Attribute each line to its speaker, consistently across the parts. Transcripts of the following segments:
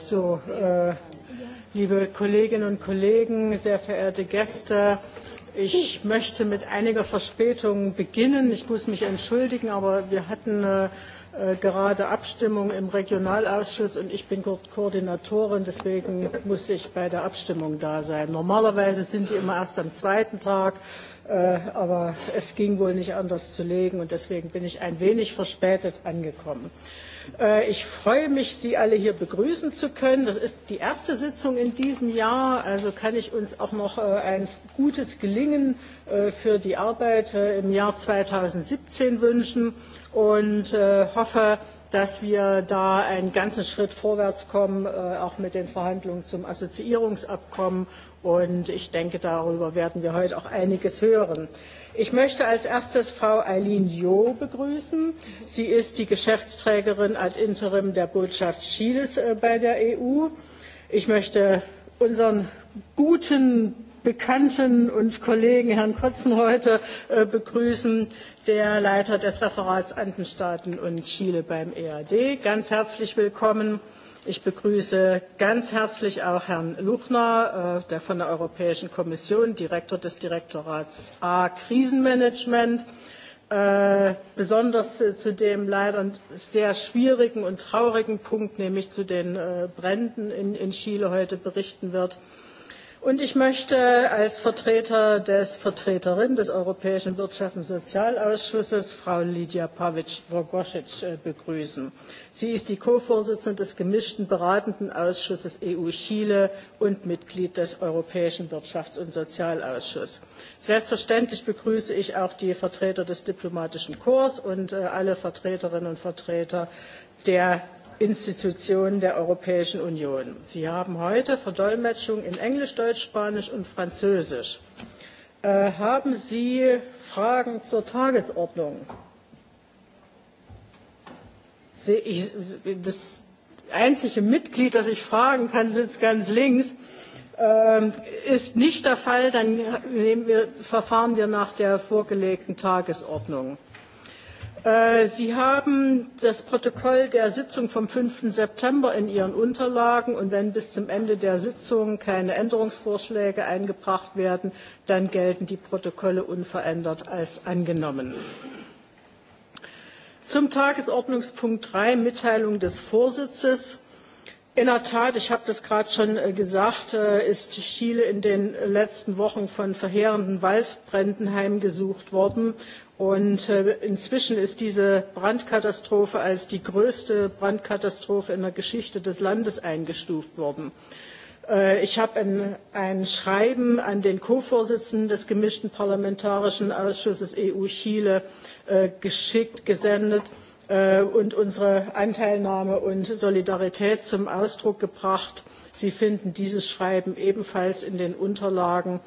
Speaker 1: So, äh, liebe Kolleginnen und Kollegen, sehr verehrte Gäste, ich möchte mit einiger Verspätung beginnen. Ich muss mich entschuldigen, aber wir hatten gerade Abstimmung im Regionalausschuss und ich bin Koordinatorin, deswegen muss ich bei der Abstimmung da sein. Normalerweise sind die immer erst am zweiten Tag aber es ging wohl nicht anders zu legen und deswegen bin ich ein wenig verspätet angekommen. Ich freue mich, Sie alle hier begrüßen zu können. Das ist die erste Sitzung in diesem Jahr, also kann ich uns auch noch ein gutes Gelingen für die Arbeit im Jahr 2017 wünschen und hoffe, dass wir da einen ganzen Schritt vorwärts kommen, auch mit den Verhandlungen zum Assoziierungsabkommen Und ich denke, darüber werden wir heute auch einiges hören. Ich möchte als erstes Frau Eileen Jo begrüßen. Sie ist die Geschäftsträgerin ad interim der Botschaft Chiles bei der EU. Ich möchte unseren guten Bekannten und Kollegen Herrn Kotzen heute begrüßen, der Leiter des Referats Andenstaaten und Chile beim EAD. Ganz herzlich willkommen. Ich begrüße ganz herzlich auch Herrn Luchner, der von der Europäischen Kommission, Direktor des Direktorats A Krisenmanagement, besonders zu dem leider sehr schwierigen und traurigen Punkt, nämlich zu den Bränden in Chile heute berichten wird. Und ich möchte als Vertreter des Vertreterin des Europäischen Wirtschafts- und Sozialausschusses, Frau Lidia Pavic-Rogosic, begrüßen. Sie ist die Co-Vorsitzende des gemischten beratenden Ausschusses EU-Chile und Mitglied des Europäischen Wirtschafts- und Sozialausschusses. Selbstverständlich begrüße ich auch die Vertreter des diplomatischen Korps und alle Vertreterinnen und Vertreter der Institutionen der Europäischen Union. Sie haben heute Verdolmetschung in Englisch, Deutsch, Spanisch und Französisch. Haben Sie Fragen zur Tagesordnung? Das einzige Mitglied, das ich fragen kann, sitzt ganz links. Ist nicht der Fall, dann verfahren wir nach der vorgelegten Tagesordnung. Sie haben das Protokoll der Sitzung vom 5. September in Ihren Unterlagen und wenn bis zum Ende der Sitzung keine Änderungsvorschläge eingebracht werden, dann gelten die Protokolle unverändert als angenommen. Zum Tagesordnungspunkt 3, Mitteilung des Vorsitzes. In der Tat, ich habe das gerade schon gesagt, ist Chile in den letzten Wochen von verheerenden Waldbränden heimgesucht worden Und inzwischen ist diese Brandkatastrophe als die größte Brandkatastrophe in der Geschichte des Landes eingestuft worden. Ich habe ein Schreiben an den Co-Vorsitzenden des gemischten Parlamentarischen Ausschusses EU-Chile geschickt, gesendet und unsere Anteilnahme und Solidarität zum Ausdruck gebracht. Sie finden dieses Schreiben ebenfalls in den Unterlagen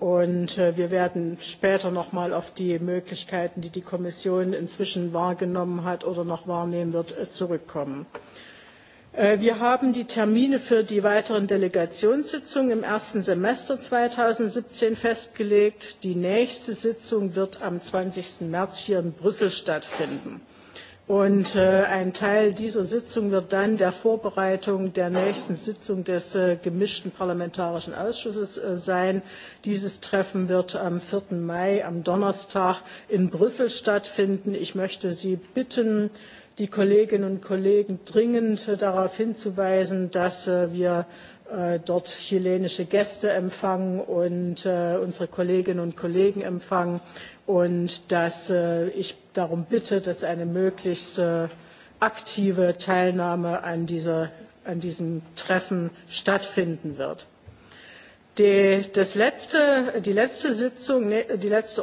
Speaker 1: Und wir werden später noch mal auf die Möglichkeiten, die die Kommission inzwischen wahrgenommen hat oder noch wahrnehmen wird, zurückkommen. Wir haben die Termine für die weiteren Delegationssitzungen im ersten Semester 2017 festgelegt. Die nächste Sitzung wird am 20. März hier in Brüssel stattfinden. Und ein Teil dieser Sitzung wird dann der Vorbereitung der nächsten Sitzung des gemischten parlamentarischen Ausschusses sein. Dieses Treffen wird am 4. Mai, am Donnerstag, in Brüssel stattfinden. Ich möchte Sie bitten, die Kolleginnen und Kollegen dringend darauf hinzuweisen, dass wir dort chilenische Gäste empfangen und unsere Kolleginnen und Kollegen empfangen und dass ich darum bitte, dass eine möglichst aktive Teilnahme an diesem Treffen stattfinden wird. Die letzte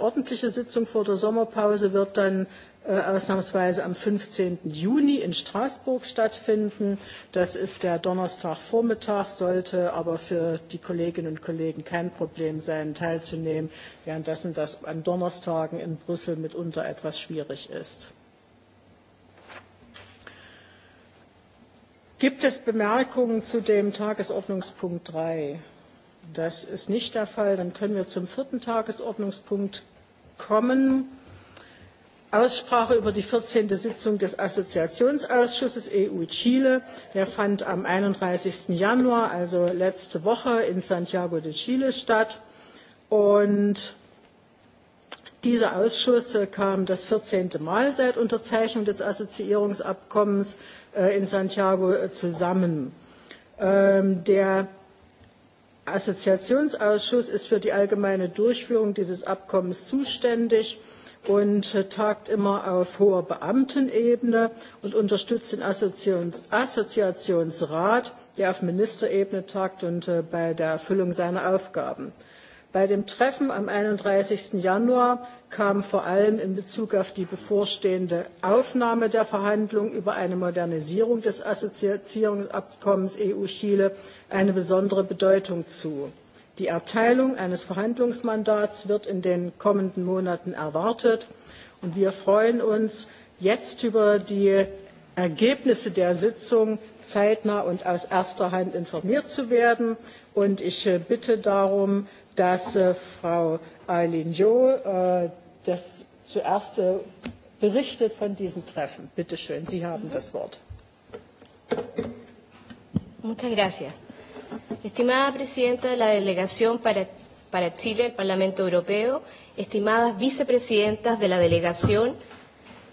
Speaker 1: ordentliche Sitzung vor der Sommerpause wird dann ausnahmsweise am 15. Juni in Straßburg stattfinden. Das ist der Donnerstagvormittag, sollte aber für die Kolleginnen und Kollegen kein Problem sein, teilzunehmen, währenddessen das an Donnerstagen in Brüssel mitunter etwas schwierig ist. Gibt es Bemerkungen zu dem Tagesordnungspunkt 3? Das ist nicht der Fall. Dann können wir zum vierten Tagesordnungspunkt kommen. Aussprache über die 14. Sitzung des Assoziationsausschusses EU-Chile. Der fand am 31. Januar, also letzte Woche, in Santiago de Chile statt. Und dieser Ausschuss kam das 14. Mal seit Unterzeichnung des Assoziierungsabkommens in Santiago zusammen. Der Assoziationsausschuss ist für die allgemeine Durchführung dieses Abkommens zuständig und tagt immer auf hoher Beamtenebene und unterstützt den Assoziationsrat, der auf Ministerebene tagt und bei der Erfüllung seiner Aufgaben. Bei dem Treffen am 31. Januar kam vor allem in Bezug auf die bevorstehende Aufnahme der Verhandlungen über eine Modernisierung des Assoziierungsabkommens EU-Chile eine besondere Bedeutung zu. Die Erteilung eines Verhandlungsmandats wird in den kommenden Monaten erwartet. Und wir freuen uns jetzt über die Ergebnisse der Sitzung zeitnah und aus erster Hand informiert zu werden. Und ich bitte darum, dass Frau Eileen Jo das zuerst berichtet von diesem Treffen. Bitte schön, Sie haben das Wort.
Speaker 2: Estimada presidenta de la delegación para, para Chile del Parlamento Europeo, estimadas vicepresidentas de la delegación,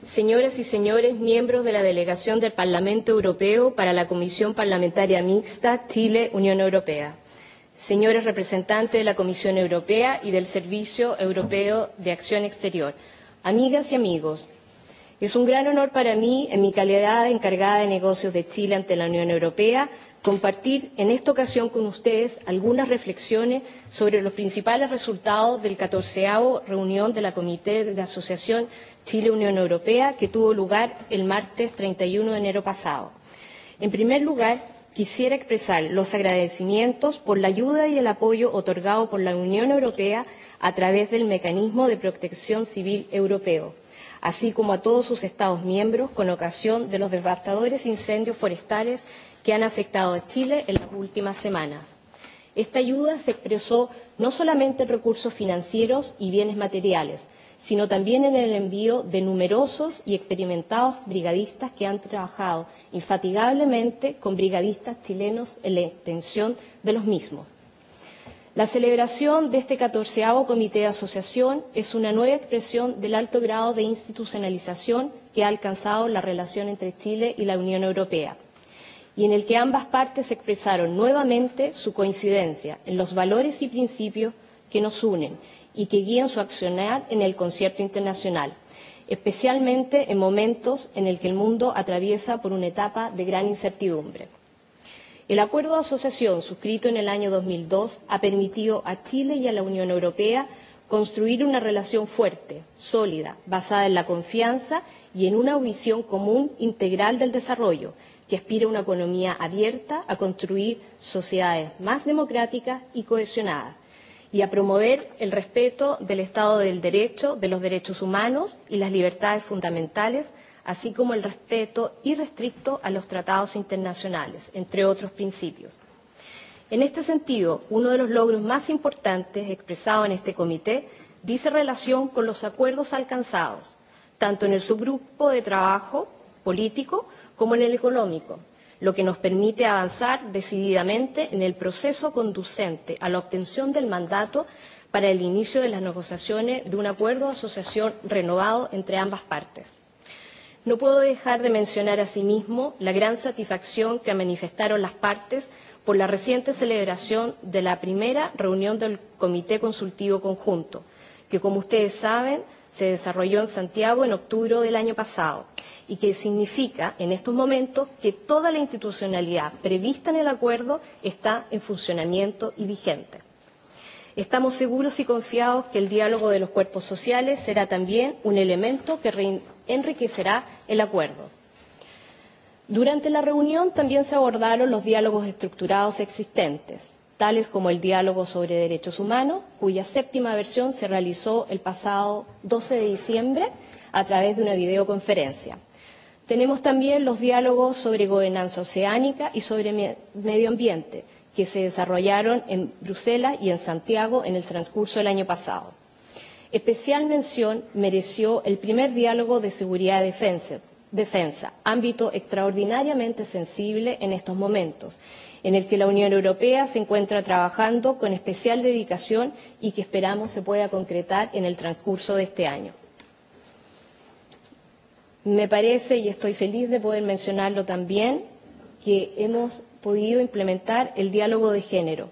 Speaker 2: señoras y señores miembros de la delegación del Parlamento Europeo para la Comisión Parlamentaria Mixta Chile-Unión Europea, señores representantes de la Comisión Europea y del Servicio Europeo de Acción Exterior, amigas y amigos, es un gran honor para mí, en mi calidad de encargada de negocios de Chile ante la Unión Europea, compartir en esta ocasión con ustedes algunas reflexiones sobre los principales resultados del 14 reunión de la Comité de Asociación Chile-Unión Europea que tuvo lugar el martes 31 de enero pasado. En primer lugar, quisiera expresar los agradecimientos por la ayuda y el apoyo otorgado por la Unión Europea a través del Mecanismo de Protección Civil Europeo, así como a todos sus Estados miembros con ocasión de los devastadores incendios forestales que han afectado a Chile en las últimas semanas. Esta ayuda se expresó no solamente en recursos financieros y bienes materiales, sino también en el envío de numerosos y experimentados brigadistas que han trabajado infatigablemente con brigadistas chilenos en la extensión de los mismos. La celebración de este catorceavo Comité de Asociación es una nueva expresión del alto grado de institucionalización que ha alcanzado la relación entre Chile y la Unión Europea y en el que ambas partes expresaron nuevamente su coincidencia en los valores y principios que nos unen y que guían su accionar en el concierto internacional, especialmente en momentos en el que el mundo atraviesa por una etapa de gran incertidumbre. El acuerdo de asociación suscrito en el año 2002 ha permitido a Chile y a la Unión Europea construir una relación fuerte, sólida, basada en la confianza y en una visión común integral del desarrollo que aspira a una economía abierta, a construir sociedades más democráticas y cohesionadas, y a promover el respeto del Estado del Derecho, de los derechos humanos y las libertades fundamentales, así como el respeto irrestricto a los tratados internacionales, entre otros principios. En este sentido, uno de los logros más importantes expresados en este comité dice relación con los acuerdos alcanzados, tanto en el subgrupo de trabajo político como en el económico, lo que nos permite avanzar decididamente en el proceso conducente a la obtención del mandato para el inicio de las negociaciones de un acuerdo de asociación renovado entre ambas partes. No puedo dejar de mencionar asimismo la gran satisfacción que manifestaron las partes por la reciente celebración de la primera reunión del Comité Consultivo Conjunto, que como ustedes saben se desarrolló en Santiago en octubre del año pasado y que significa en estos momentos que toda la institucionalidad prevista en el acuerdo está en funcionamiento y vigente. Estamos seguros y confiados que el diálogo de los cuerpos sociales será también un elemento que enriquecerá el acuerdo. Durante la reunión también se abordaron los diálogos estructurados existentes tales como el diálogo sobre derechos humanos, cuya séptima versión se realizó el pasado 12 de diciembre a través de una videoconferencia. Tenemos también los diálogos sobre gobernanza oceánica y sobre medio ambiente, que se desarrollaron en Bruselas y en Santiago en el transcurso del año pasado. Especial mención mereció el primer diálogo de seguridad y defensa, defensa, ámbito extraordinariamente sensible en estos momentos, en el que la Unión Europea se encuentra trabajando con especial dedicación y que esperamos se pueda concretar en el transcurso de este año. Me parece, y estoy feliz de poder mencionarlo también, que hemos podido implementar el diálogo de género.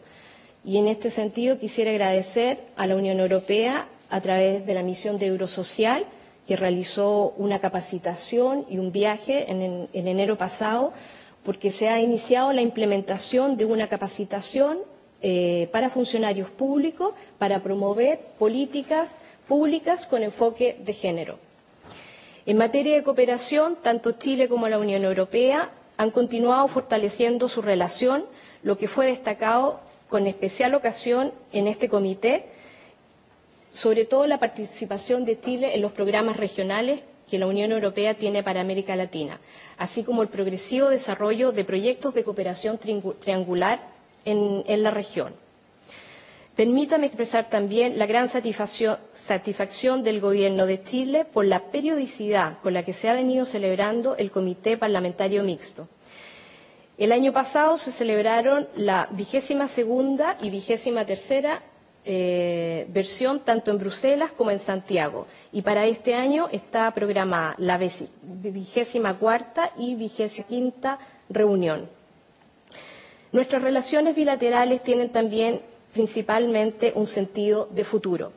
Speaker 2: Y en este sentido quisiera agradecer a la Unión Europea, a través de la misión de Eurosocial, que realizó una capacitación y un viaje en, en enero pasado, porque se ha iniciado la implementación de una capacitación eh, para funcionarios públicos para promover políticas públicas con enfoque de género. En materia de cooperación, tanto Chile como la Unión Europea han continuado fortaleciendo su relación, lo que fue destacado con especial ocasión en este comité sobre todo la participación de Chile en los programas regionales que la Unión Europea tiene para América Latina, así como el progresivo desarrollo de proyectos de cooperación triangular en la región. Permítame expresar también la gran satisfacción del Gobierno de Chile por la periodicidad con la que se ha venido celebrando el Comité Parlamentario Mixto. El año pasado se celebraron la vigésima segunda y vigésima tercera versión tanto en Bruselas como en Santiago. Y para este año está programada la vigésima cuarta y vigésima quinta reunión. Nuestras relaciones bilaterales tienen también principalmente un sentido de futuro,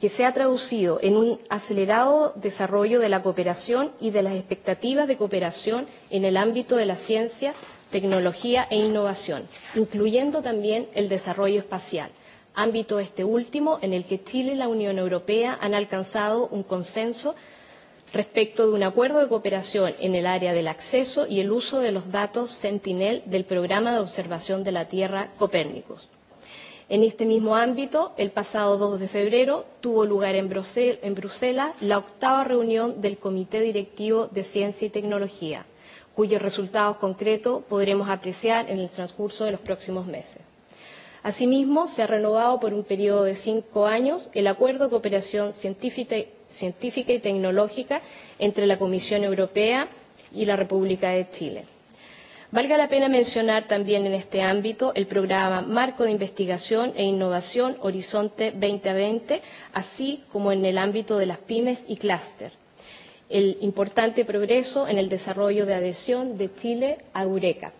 Speaker 2: que se ha traducido en un acelerado desarrollo de la cooperación y de las expectativas de cooperación en el ámbito de la ciencia, tecnología e innovación, incluyendo también el desarrollo espacial ámbito este último en el que Chile y la Unión Europea han alcanzado un consenso respecto de un acuerdo de cooperación en el área del acceso y el uso de los datos Sentinel del Programa de Observación de la Tierra Copérnicus. En este mismo ámbito, el pasado 2 de febrero tuvo lugar en Bruselas la octava reunión del Comité Directivo de Ciencia y Tecnología, cuyos resultados concretos podremos apreciar en el transcurso de los próximos meses. Asimismo, se ha renovado por un periodo de cinco años el Acuerdo de Cooperación Científica y Tecnológica entre la Comisión Europea y la República de Chile. Valga la pena mencionar también en este ámbito el programa Marco de Investigación e Innovación Horizonte 2020, así como en el ámbito de las pymes y clúster. El importante progreso en el desarrollo de adhesión de Chile a Eureka.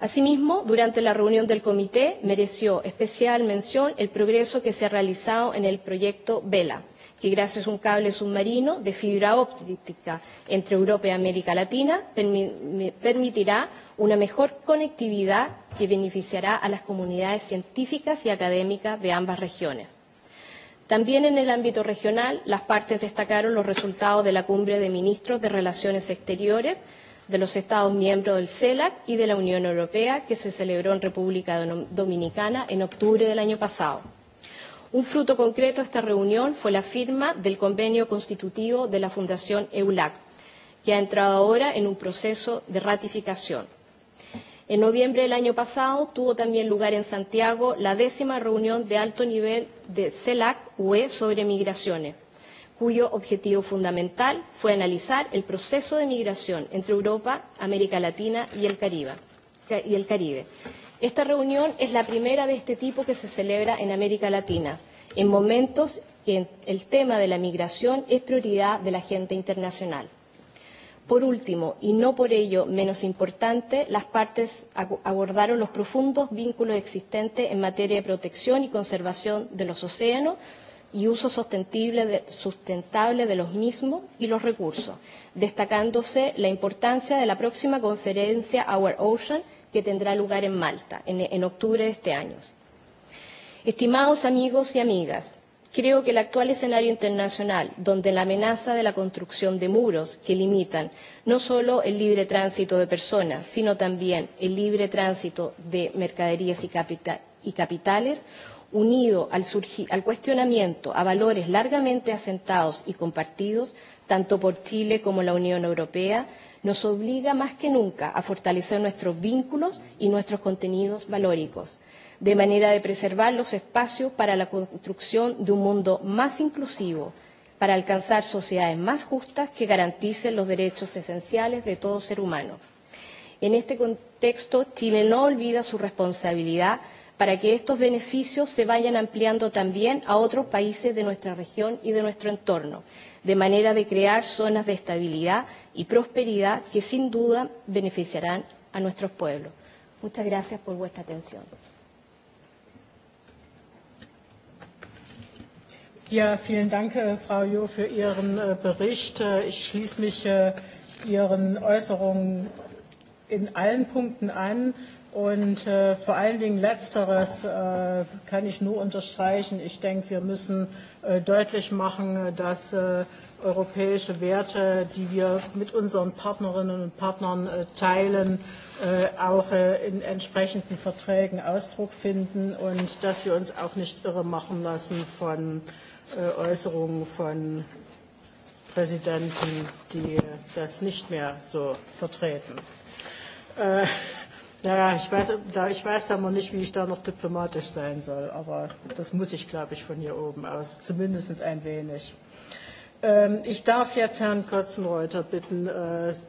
Speaker 2: Asimismo, durante la reunión del comité mereció especial mención el progreso que se ha realizado en el proyecto Vela, que gracias a un cable submarino de fibra óptica entre Europa y América Latina permitirá una mejor conectividad que beneficiará a las comunidades científicas y académicas de ambas regiones. También en el ámbito regional, las partes destacaron los resultados de la cumbre de ministros de Relaciones Exteriores de los Estados miembros del CELAC y de la Unión Europea, que se celebró en República Dominicana en octubre del año pasado. Un fruto concreto de esta reunión fue la firma del convenio constitutivo de la Fundación EULAC, que ha entrado ahora en un proceso de ratificación. En noviembre del año pasado tuvo también lugar en Santiago la décima reunión de alto nivel de CELAC-UE sobre migraciones cuyo objetivo fundamental fue analizar el proceso de migración entre Europa, América Latina y el Caribe. y el Caribe. Esta reunión es la primera de este tipo que se celebra en América Latina, en momentos que el tema de la migración es prioridad de la gente internacional. Por último, y no por ello menos importante, las partes abordaron los profundos vínculos existentes en materia de protección y conservación de los océanos, y uso sustentable de los mismos y los recursos, destacándose la importancia de la próxima conferencia Our Ocean que tendrá lugar en Malta en octubre de este año. Estimados amigos y amigas, creo que el actual escenario internacional, donde la amenaza de la construcción de muros que limitan no solo el libre tránsito de personas, sino también el libre tránsito de mercaderías y capitales, unido al cuestionamiento a valores largamente asentados y compartidos, tanto por Chile como la Unión Europea, nos obliga más que nunca a fortalecer nuestros vínculos y nuestros contenidos valóricos, de manera de preservar los espacios para la construcción de un mundo más inclusivo, para alcanzar sociedades más justas que garanticen los derechos esenciales de todo ser humano. En este contexto, Chile no olvida su responsabilidad para que estos beneficios se vayan ampliando también a otros países de nuestra región y de nuestro entorno, de manera de crear zonas de estabilidad y prosperidad que sin duda beneficiarán a nuestros pueblos. Muchas gracias por vuestra atención.
Speaker 1: Ja, vielen Dank, Frau Jo, für Ihren Bericht. Ich schließe mich Ihren Äußerungen in allen Punkten an. Und vor allen Dingen Letzteres kann ich nur unterstreichen. Ich denke, wir müssen deutlich machen, dass europäische Werte, die wir mit unseren Partnerinnen und Partnern teilen, auch in entsprechenden Verträgen Ausdruck finden und dass wir uns auch nicht irre machen lassen von Äußerungen von Präsidenten, die das nicht mehr so vertreten. Naja, ich weiß, da, ich weiß da mal nicht, wie ich da noch diplomatisch sein soll, aber das muss ich, glaube ich, von hier oben aus, zumindest ein wenig. Ähm, Ich darf jetzt Herrn Kotzenreuter bitten,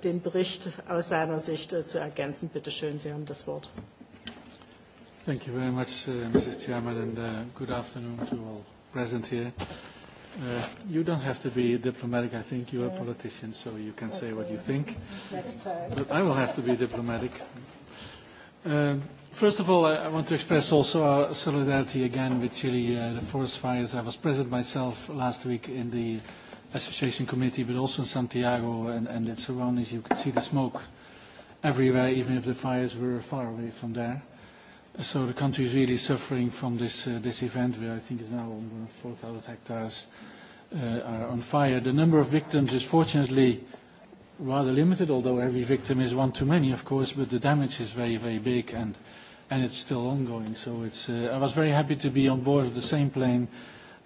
Speaker 1: den Bericht aus seiner Sicht zu ergänzen. Bitte schön, Sie haben das Wort.
Speaker 3: Thank you very much, Mrs. Chairman, and good afternoon to all present here. You don't have to be diplomatic. I think you are a politician, so you can say what you think. But I will have to be diplomatic. First of all, I want to express also our solidarity again with Chile, the forest fires. I was present myself last week in the Association Committee, but also in Santiago and its surroundings. You could see the smoke everywhere, even if the fires were far away from there. So the country is really suffering from this event, where I think is now 4,000 hectares are on fire. The number of victims is fortunately rather limited, although every victim is one too many, of course, but the damage is very, very big and and it's still ongoing. So it's I was very happy to be on board of the same plane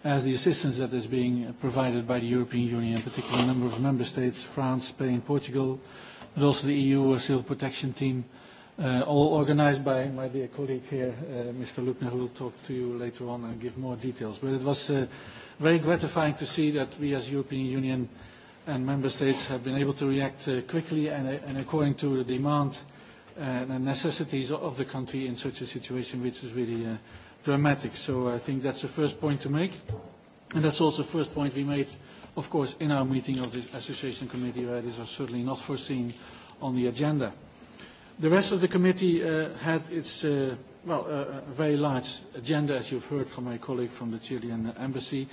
Speaker 3: as the assistance that is being provided by the European Union, particularly a number of member states, France, Spain, Portugal, but also the EU Civil Protection Team, all organized by my dear colleague here, Mr. Luckner, who will talk to you later on and give more details. But it was very gratifying to see that we as European Union and member states have been able to react quickly and according to the demand and necessities of the country in such a situation which is really dramatic. So I think that's the first point to make. And that's also the first point we made, of course, in our meeting of the Association Committee, where these are certainly not foreseen on the agenda. The rest of the committee had its, well, a very large agenda, as you've heard from my colleague from the Chilean embassy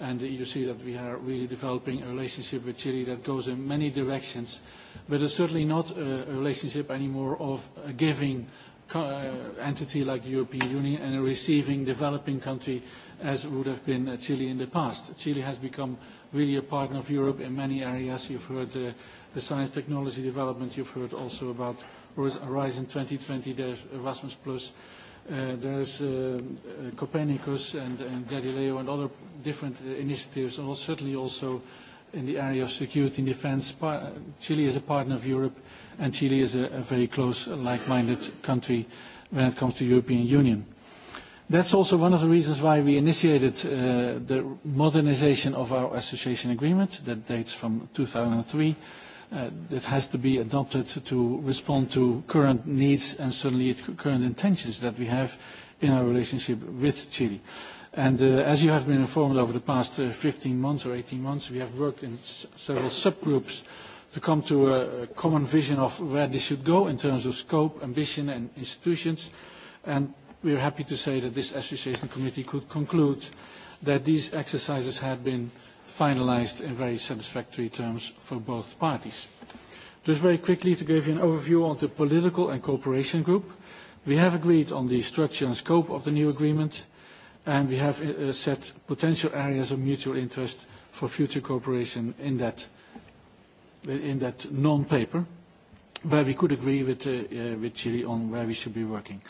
Speaker 3: and you see that we are really developing a relationship with Chile that goes in many directions, but it's certainly not a relationship anymore of a giving entity like the European Union and a receiving developing country as would have been Chile in the past. Chile has become really a partner of Europe in many areas. You've heard the science technology development, you've heard also about Horizon 2020, the Erasmus+, There's Copernicus and Galileo and other different initiatives, and certainly also in the area of security and defense. Chile is a partner of Europe, and Chile is a very close, like-minded country when it comes to the European Union. That's also one of the reasons why we initiated the modernization of our association agreement that dates from 2003 that has to be adopted to respond to current needs and certainly current intentions that we have in our relationship with Chile. And as you have been informed over the past 15 months or 18 months, we have worked in several subgroups to come to a common vision of where this should go in terms of scope, ambition and institutions. And we are happy to say that this Association Committee could conclude that these exercises had been finalized in very satisfactory terms for both parties. Just very quickly to give you an overview on the political and cooperation group. We have agreed on the structure and scope of the new agreement, and we have set potential areas of mutual interest for future cooperation in that non-paper, where we could agree with Chile on where we should be working.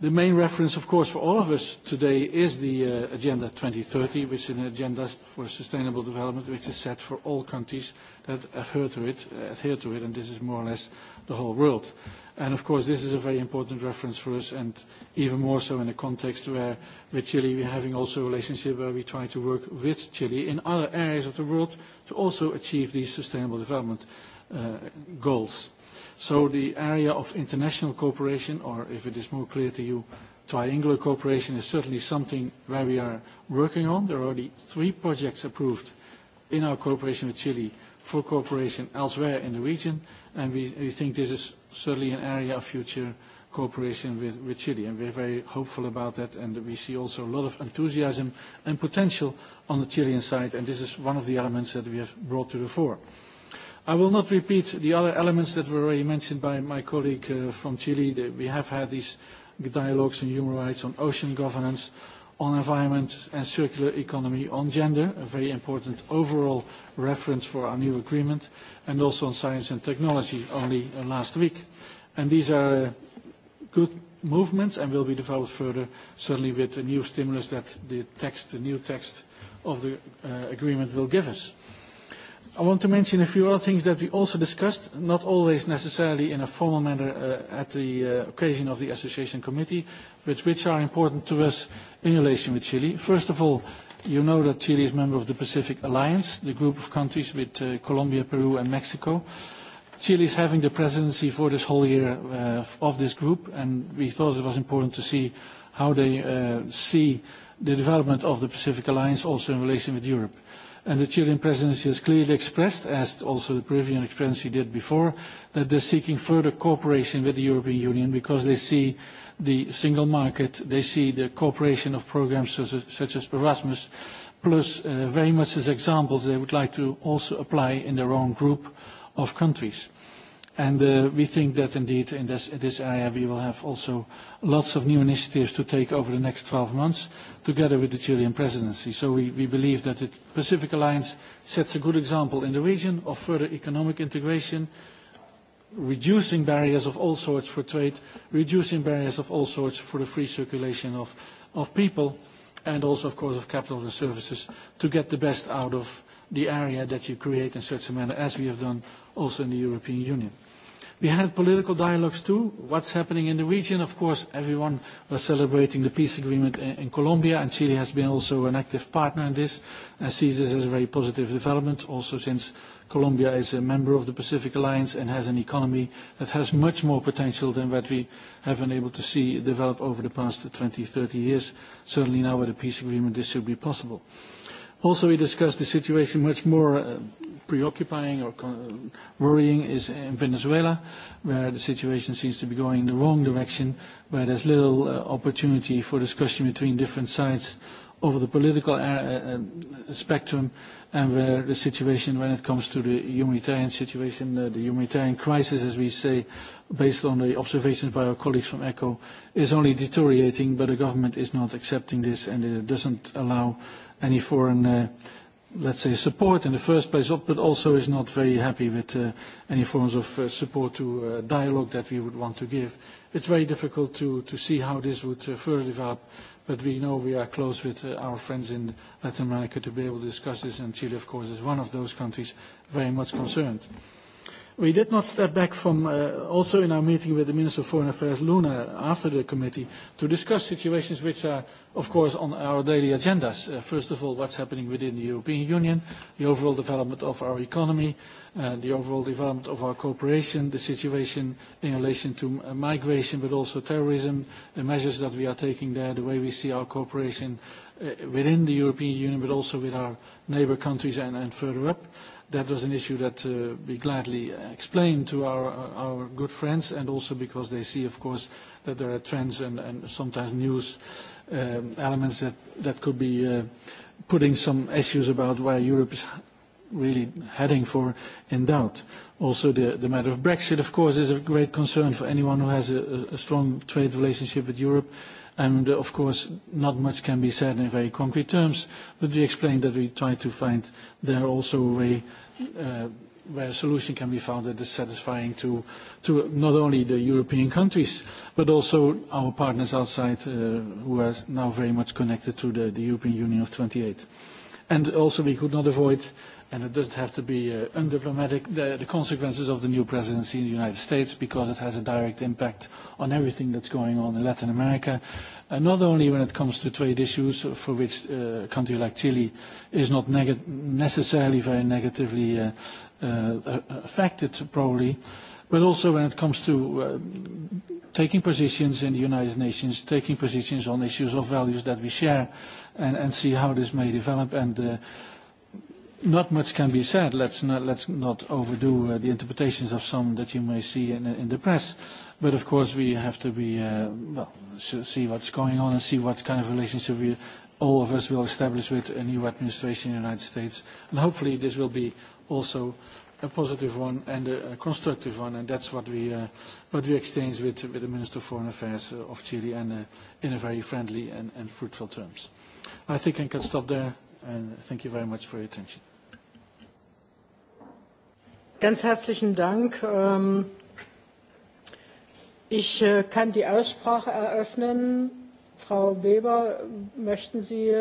Speaker 3: The main reference, of course, for all of us today is the Agenda 2030, which is an agenda for sustainable development, which is set for all countries that adhere to it, adhere to it, and this is more or less the whole world. And of course, this is a very important reference for us, and even more so in a context where with Chile we're having also a relationship where we try to work with Chile in other areas of the world to also achieve these sustainable development goals. So the area of international cooperation, or if it is more clear to you, triangular cooperation is certainly something where we are working on. There are already three projects approved in our cooperation with Chile for cooperation elsewhere in the region, and we think this is certainly an area of future cooperation with Chile, and we're very hopeful about that, and we see also a lot of enthusiasm and potential on the Chilean side, and this is one of the elements that we have brought to the fore. I will not repeat the other elements that were already mentioned by my colleague from Chile. We have had these dialogues on human rights, on ocean governance, on environment and circular economy, on gender, a very important overall reference for our new agreement, and also on science and technology only last week. And these are good movements and will be developed further, certainly with the new stimulus that the text, the new text of the agreement will give us. I want to mention a few other things that we also discussed, not always necessarily in a formal manner at the occasion of the Association Committee, but which are important to us in relation with Chile. First of all, you know that Chile is a member of the Pacific Alliance, the group of countries with Colombia, Peru and Mexico. Chile is having the presidency for this whole year of this group, and we thought it was important to see how they see the development of the Pacific Alliance also in relation with Europe the Chilean presidency has clearly expressed, as also the Peruvian presidency did before, that they're seeking further cooperation with the European Union because they see the single market, they see the cooperation of programs such as Erasmus, plus very much as examples they would like to also apply in their own group of countries. And we think that indeed in this area we will have also lots of new initiatives to take over the next 12 months together with the Chilean presidency. So we believe that the Pacific Alliance sets a good example in the region of further economic integration, reducing barriers of all sorts for trade, reducing barriers of all sorts for the free circulation of people and also, of course, of capital and services to get the best out of the area that you create in such a manner as we have done also in the European Union. We had political dialogues too. What's happening in the region? Of course, everyone was celebrating the peace agreement in Colombia, and Chile has been also an active partner in this and sees this as a very positive development, also since Colombia is a member of the Pacific Alliance and has an economy that has much more potential than what we have been able to see develop over the past 20, 30 years. Certainly now with a peace agreement, this should be possible. Also, we discussed the situation much more preoccupying or worrying is in Venezuela, where the situation seems to be going in the wrong direction, where there's little opportunity for discussion between different sides over the political spectrum, and where the situation when it comes to the humanitarian situation, the humanitarian crisis, as we say, based on the observations by our colleagues from ECHO, is only deteriorating, but the government is not accepting this and it doesn't allow any foreign let's say, support in the first place, but also is not very happy with any forms of support to dialogue that we would want to give. It's very difficult to see how this would further develop, but we know we are close with our friends in Latin America to be able to discuss this, and Chile, of course, is one of those countries very much concerned. We did not step back from, also in our meeting with the Minister of Foreign Affairs, Luna, after the committee, to discuss situations which are, of course, on our daily agendas. First of all, what's happening within the European Union, the overall development of our economy, the overall development of our cooperation, the situation in relation to migration, but also terrorism, the measures that we are taking there, the way we see our cooperation within the European Union, but also with our neighbour countries and further up. That was an issue that we gladly explained to our good friends, and also because they see, of course, that there are trends and sometimes news elements that could be putting some issues about where Europe is really heading for in doubt. Also, the matter of Brexit, of course, is of great concern for anyone who has a strong trade relationship with Europe And of course, not much can be said in very concrete terms, but we explained that we try to find there also a way where a solution can be found that is satisfying to not only the European countries, but also our partners outside who are now very much connected to the European Union of 28. And also we could not avoid and it doesn't have to be undiplomatic, the consequences of the new presidency in the United States because it has a direct impact on everything that's going on in Latin America, not only when it comes to trade issues for which a country like Chile is not necessarily very negatively affected probably, but also when it comes to taking positions in the United Nations, taking positions on issues of values that we share and see how this may develop and Not much can be said. Let's not let's not overdo the interpretations of some that you may see in the press. But of course we have to be well see what's going on and see what kind of relationship we all of us will establish with a new administration in the United States. And hopefully this will be also a positive one and a constructive one and that's what we what we exchange with with the Minister of Foreign Affairs of Chile and in a very friendly and fruitful terms. I think I can stop there and thank you very much for your attention.
Speaker 1: Ganz herzlichen Dank. Ich kann die Aussprache eröffnen. Frau Weber, möchten Sie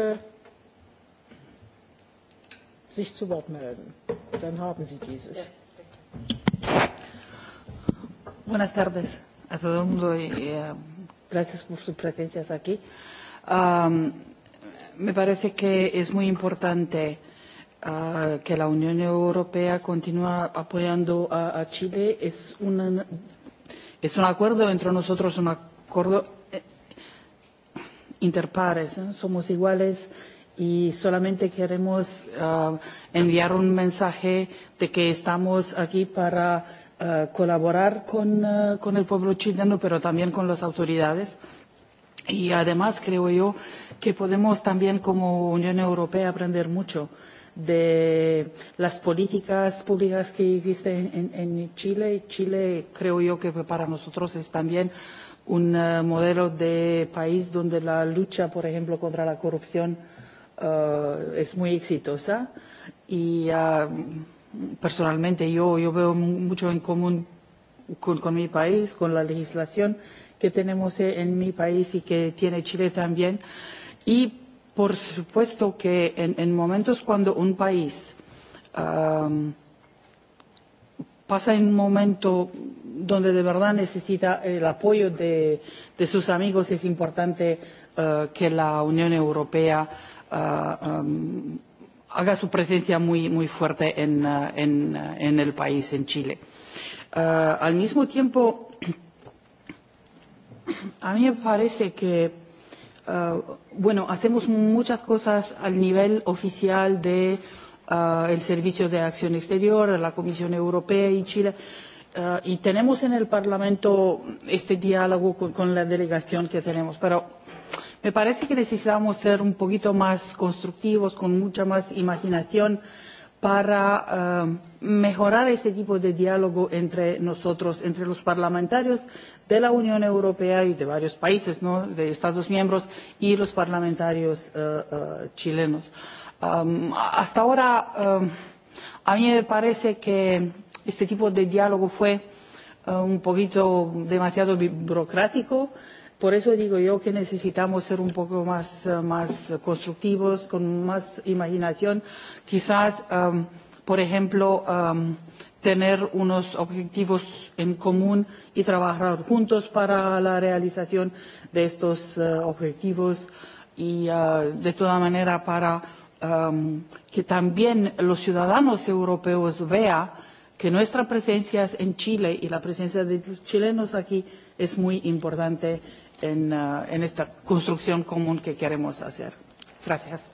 Speaker 1: sich zu Wort melden? Dann haben Sie dieses.
Speaker 4: Buenas tardes a todo el mundo y gracias por sus presencias aquí. Me parece que es muy importante que la Unión Europea continúa apoyando a Chile es un acuerdo entre nosotros un acuerdo interpares somos iguales y solamente queremos enviar un mensaje de que estamos aquí para colaborar con con el pueblo chileno pero también con las autoridades y además creo yo que podemos también como Unión Europea aprender mucho de las políticas públicas que existen en Chile. Chile creo yo que para nosotros es también un modelo de país donde la lucha, por ejemplo, contra la corrupción es muy exitosa y personalmente yo yo veo mucho en común con mi país, con la legislación que tenemos en mi país y que tiene Chile también. Y Por supuesto que en momentos cuando un país pasa en un momento donde de verdad necesita el apoyo de sus amigos, es importante que la Unión Europea haga su presencia muy muy fuerte en en en el país en Chile. Al mismo tiempo a mí me parece que bueno, hacemos muchas cosas al nivel oficial de del Servicio de Acción Exterior, de la Comisión Europea y Chile. Y tenemos en el Parlamento este diálogo con la delegación que tenemos. Pero me parece que necesitamos ser un poquito más constructivos, con mucha más imaginación para mejorar ese tipo de diálogo entre nosotros, entre los parlamentarios de la Unión Europea y de varios países, de Estados miembros y los parlamentarios chilenos. Hasta ahora, a mí me parece que este tipo de diálogo fue un poquito demasiado burocrático Por eso digo yo que necesitamos ser un poco más, más constructivos, con más imaginación. Quizás, por ejemplo, tener unos objetivos en común y trabajar juntos para la realización de estos objetivos y, de toda manera, para que también los ciudadanos europeos vean que nuestra presencia en Chile y la presencia de los chilenos aquí es muy importante en, en esta construcción común que queremos hacer. Gracias.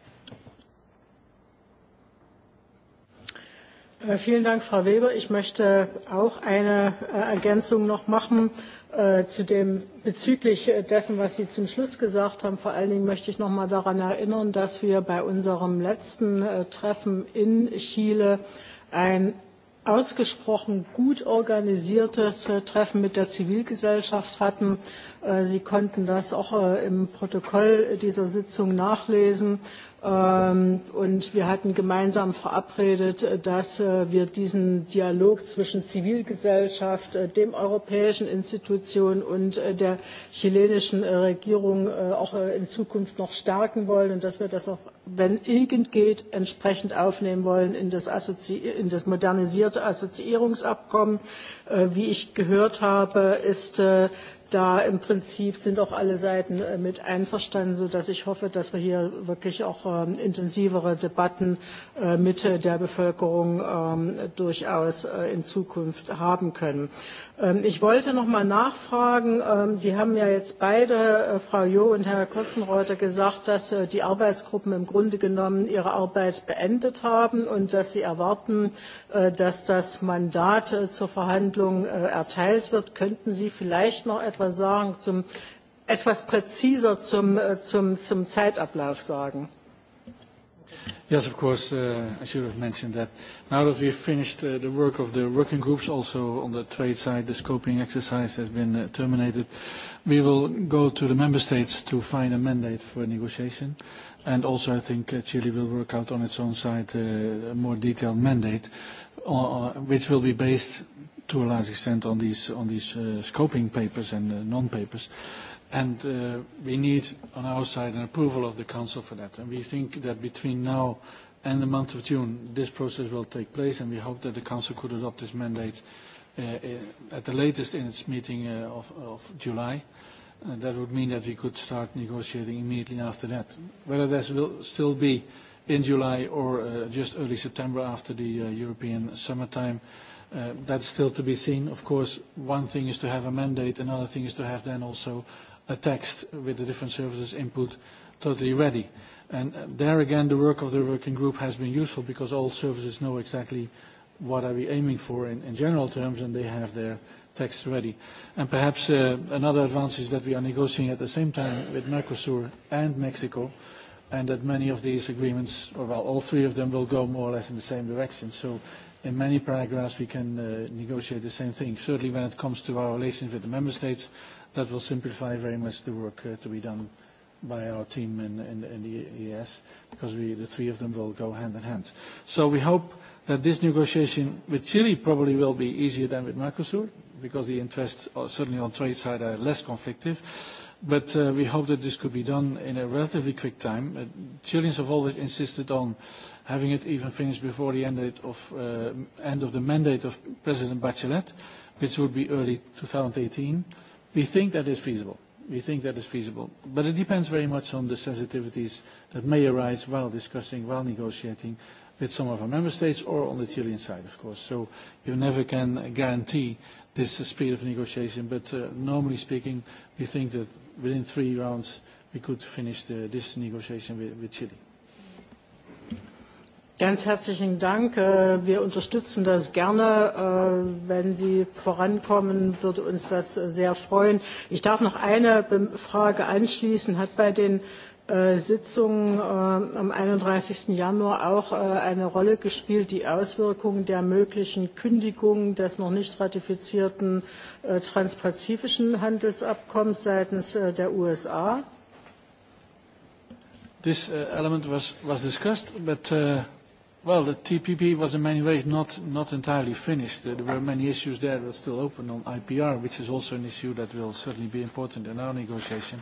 Speaker 1: Vielen Dank, Frau Weber. Ich möchte auch eine Ergänzung noch machen zu dem bezüglich dessen, was Sie zum Schluss gesagt haben. Vor allen Dingen möchte ich noch mal daran erinnern, dass wir bei unserem letzten Treffen in Chile ein ausgesprochen gut organisiertes Treffen mit der Zivilgesellschaft hatten Sie konnten das auch im Protokoll dieser Sitzung nachlesen. Und wir hatten gemeinsam verabredet, dass wir diesen Dialog zwischen Zivilgesellschaft, dem europäischen Institution und der chilenischen Regierung auch in Zukunft noch stärken wollen und dass wir das auch, wenn irgend geht, entsprechend aufnehmen wollen in das modernisierte Assoziierungsabkommen. Wie ich gehört habe, ist da im Prinzip sind auch alle Seiten mit einverstanden, sodass ich hoffe, dass wir hier wirklich auch intensivere Debatten mit der Bevölkerung durchaus in Zukunft haben können. Ich wollte noch mal nachfragen, Sie haben ja jetzt beide, Frau Jo und Herr Kotzenreuter, gesagt, dass die Arbeitsgruppen im Grunde genommen ihre Arbeit beendet haben und dass Sie erwarten, dass das Mandat zur Verhandlung erteilt wird. Könnten Sie vielleicht noch etwas sagen, zum, etwas präziser zum, zum, zum Zeitablauf sagen?
Speaker 3: Yes, of course, I should have mentioned that. Now that we've finished the work of the working groups, also on the trade side, the scoping exercise has been terminated. We will go to the member states to find a mandate for negotiation. And also, I think Chile will work out on its own side a more detailed mandate, which will be based to a large extent on these on these scoping papers and non-papers. And we need on our side an approval of the Council for that. And we think that between now and the month of June this process will take place and we hope that the Council could adopt this mandate at the latest in its meeting of of July. That would mean that we could start negotiating immediately after that. Whether this will still be in July or just early September after the European summertime That's still to be seen. Of course, one thing is to have a mandate, another thing is to have then also a text with the different services input totally ready. And there again, the work of the working group has been useful because all services know exactly what are we aiming for in general terms, and they have their text ready. And perhaps another advantage is that we are negotiating at the same time with Mercosur and Mexico and that many of these agreements, or well, all three of them will go more or less in the same direction. So in many paragraphs we can negotiate the same thing. Certainly when it comes to our relations with the Member States, that will simplify very much the work to be done by our team in the ES, because the three of them will go hand in hand. So we hope that this negotiation with Chile probably will be easier than with Mercosur, because the interests, certainly on trade side, are less conflictive. But we hope that this could be done in a relatively quick time. Chileans have always insisted on having it even finished before the end of the mandate of President Bachelet, which would be early 2018. We think that is feasible. We think that is feasible. But it depends very much on the sensitivities that may arise while discussing, while negotiating with some of our member states or on the Chilean side, of course. So you never can guarantee this speed of negotiation. But normally speaking, we think that within three rounds we could finish this negotiation with Chile. Ganz herzlichen Dank. Wir unterstützen
Speaker 1: das gerne. Wenn Sie vorankommen, würde uns das sehr freuen. Ich darf noch eine Frage anschließen. Hat bei den Sitzung am 31. Januar auch eine Rolle gespielt, die Auswirkungen der möglichen Kündigung des noch nicht ratifizierten transpazifischen Handelsabkommens seitens der USA.
Speaker 3: This element was discussed, but well, the TPP was in many ways not not entirely finished. There were many issues there that are still open on IPR, which is also an issue that will certainly be important in our negotiation.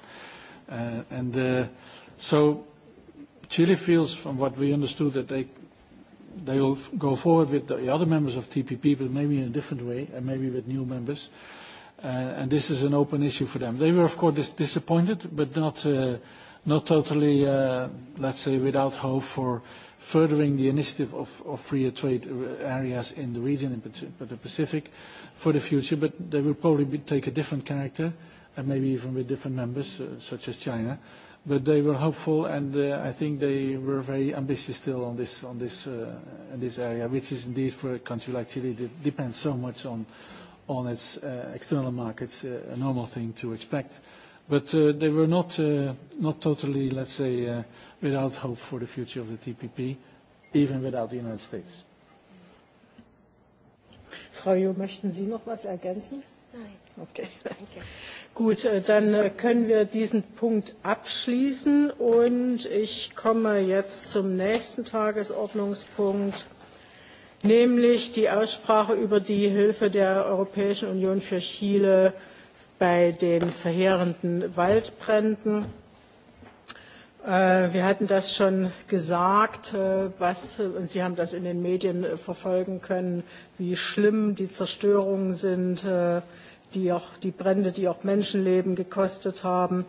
Speaker 3: And so Chile feels, from what we understood, that they will go forward with the other members of TPP, but maybe in a different way, and maybe with new members. And this is an open issue for them. They were, of course, disappointed, but not not totally, let's say, without hope for furthering the initiative of freer trade areas in the region, in the Pacific, for the future, but they will probably take a different character and maybe even with different members, such as China. But they were hopeful, and I think they were very ambitious still on this on this this area, which is indeed for a country like Chile that depends so much on on its external markets, a normal thing to expect. But they were not not totally, let's say, without hope for the future of the TPP, even without the United States. Frau
Speaker 1: Jo, möchten Sie
Speaker 3: noch was ergänzen?
Speaker 1: Okay. Gut, dann können wir diesen Punkt abschließen und ich komme jetzt zum nächsten Tagesordnungspunkt, nämlich die Aussprache über die Hilfe der Europäischen Union für Chile bei den verheerenden Waldbränden. Wir hatten das schon gesagt, was, und Sie haben das in den Medien verfolgen können, wie schlimm die Zerstörungen sind, die auch die Brände, die auch Menschenleben gekostet haben.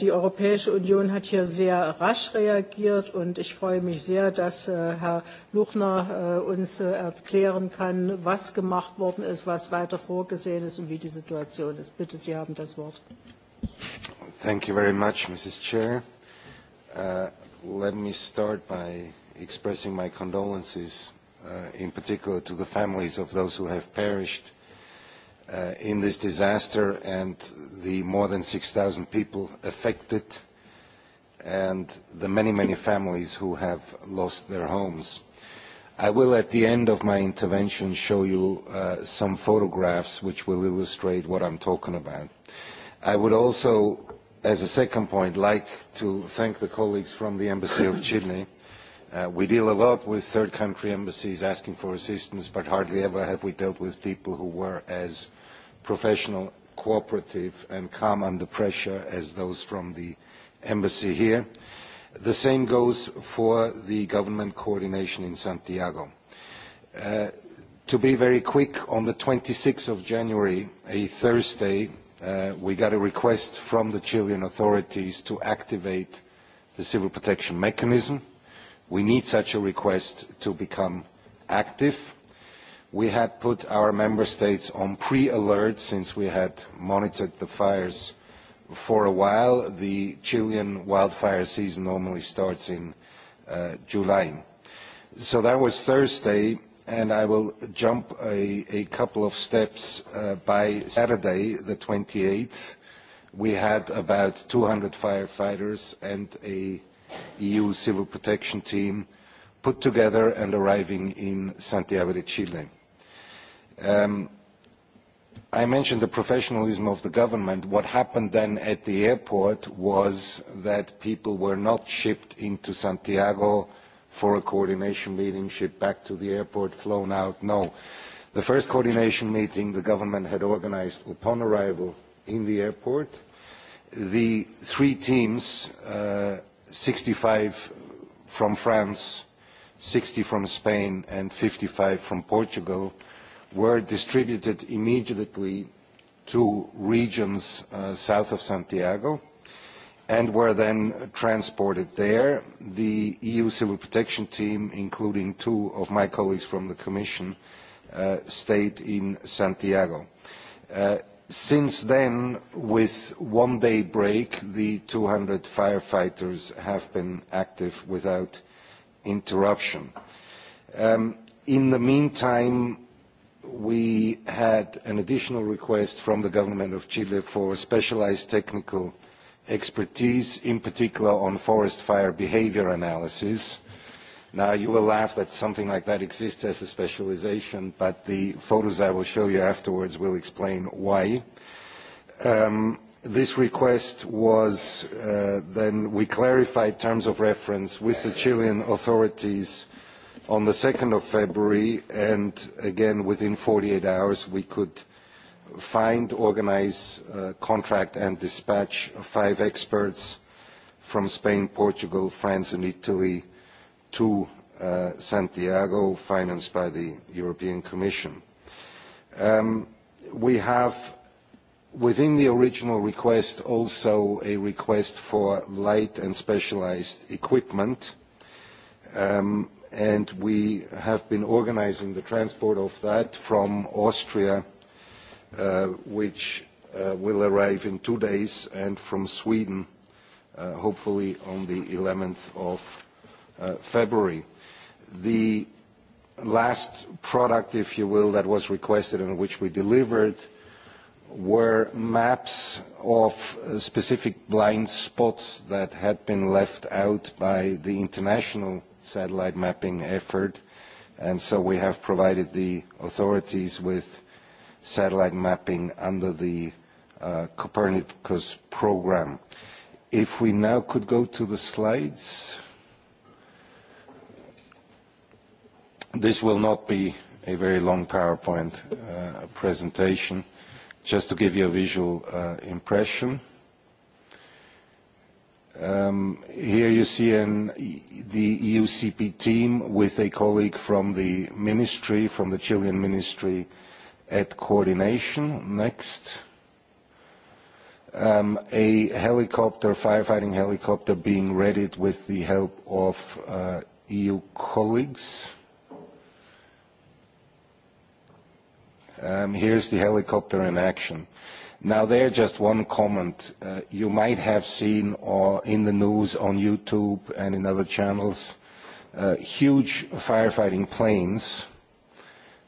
Speaker 1: Die Europäische Union hat hier sehr rasch reagiert und ich freue mich sehr, dass Herr Luchner uns erklären kann, was gemacht worden ist, was weiter vorgesehen ist und wie die Situation ist. Bitte, Sie haben das Wort.
Speaker 5: Thank you very much, Mrs. Chair. Let me start by expressing my condolences, in particular to the families of those who have perished in this disaster and the more than 6,000 people affected and the many, many families who have lost their homes. I will, at the end of my intervention, show you some photographs which will illustrate what I'm talking about. I would also, as a second point, like to thank the colleagues from the Embassy of Chile. We deal a lot with third country embassies asking for assistance, but hardly ever have we dealt with people who were as professional, cooperative and calm under pressure as those from the embassy here. The same goes for the government coordination in Santiago. To be very quick, on the 26th of January, a Thursday, we got a request from the Chilean authorities to activate the civil protection mechanism. We need such a request to become active. We had put our member states on pre-alert since we had monitored the fires for a while. The Chilean wildfire season normally starts in July. So that was Thursday, and I will jump a couple of steps. By Saturday, the 28th, we had about 200 firefighters and a EU civil protection team put together and arriving in Santiago de Chile. I mentioned the professionalism of the government. What happened then at the airport was that people were not shipped into Santiago for a coordination meeting, shipped back to the airport, flown out. No. The first coordination meeting the government had organized upon arrival in the airport. The three teams, 65 from France, 60 from Spain, and 55 from Portugal, were distributed immediately to regions south of Santiago and were then transported there. The EU Civil Protection Team, including two of my colleagues from the Commission, stayed in Santiago. Since then, with one day break, the 200 firefighters have been active without interruption. In the meantime, we had an additional request from the government of Chile for specialized technical expertise, in particular on forest fire behavior analysis. Now, you will laugh that something like that exists as a specialization, but the photos I will show you afterwards will explain why. This request was then we clarified terms of reference with the Chilean authorities on the 2nd of February, and again within 48 hours we could find, organise, contract and dispatch five experts from Spain, Portugal, France and Italy to Santiago, financed by the European Commission. We have within the original request also a request for light and specialized equipment and we have been organizing the transport of that from Austria, which will arrive in two days, and from Sweden, hopefully on the 11th of February. The last product, if you will, that was requested and which we delivered were maps of specific blind spots that had been left out by the international satellite mapping effort, and so we have provided the authorities with satellite mapping under the Copernicus program. If we now could go to the slides. This will not be a very long PowerPoint presentation, just to give you a visual impression. Here you see the EUCP team with a colleague from the ministry, from the Chilean ministry at coordination. Next. A helicopter, firefighting helicopter being readied with the help of EU colleagues. Here's the helicopter in action. Now, there just one comment. You might have seen or in the news on YouTube and in other channels huge firefighting planes,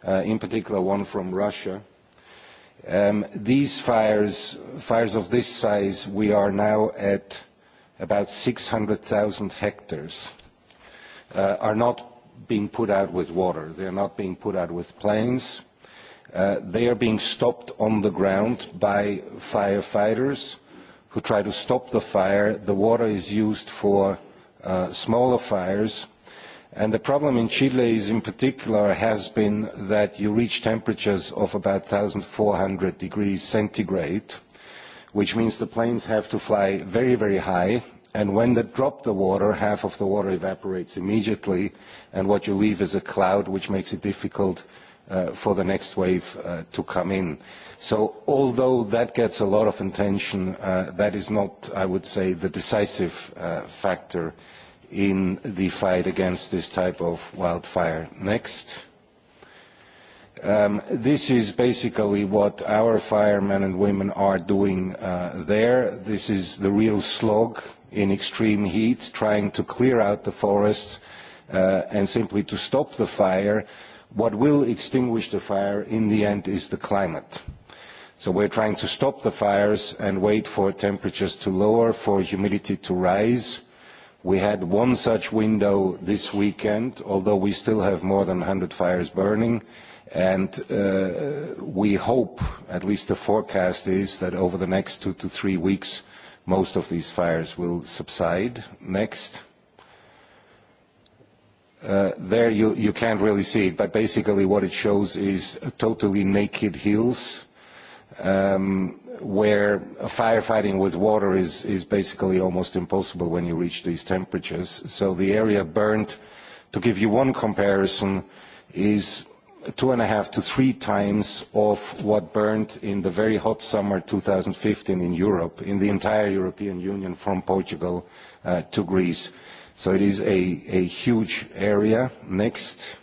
Speaker 5: in particular one from Russia. These fires, fires of this size, we are now at about 600,000 hectares, are not being put out with water. They are not being put out with planes They are being stopped on the ground by firefighters who try to stop the fire. The water is used for smaller fires. And the problem in Chile is in particular has been that you reach temperatures of about 1,400 degrees centigrade, which means the planes have to fly very, very high. And when they drop the water, half of the water evaporates immediately. And what you leave is a cloud, which makes it difficult for the next wave to come in. So although that gets a lot of attention, that is not, I would say, the decisive factor in the fight against this type of wildfire. Next. This is basically what our firemen and women are doing there. This is the real slog in extreme heat, trying to clear out the forests and simply to stop the fire What will extinguish the fire in the end is the climate. So we're trying to stop the fires and wait for temperatures to lower, for humidity to rise. We had one such window this weekend, although we still have more than 100 fires burning. And we hope, at least the forecast is, that over the next two to three weeks, most of these fires will subside. Next. There you can't really see it, but basically what it shows is totally naked hills where firefighting with water is basically almost impossible when you reach these temperatures. So the area burned, to give you one comparison, is two and a half to three times of what burned in the very hot summer 2015 in Europe, in the entire European Union from Portugal to Greece. So it is a huge area. Next.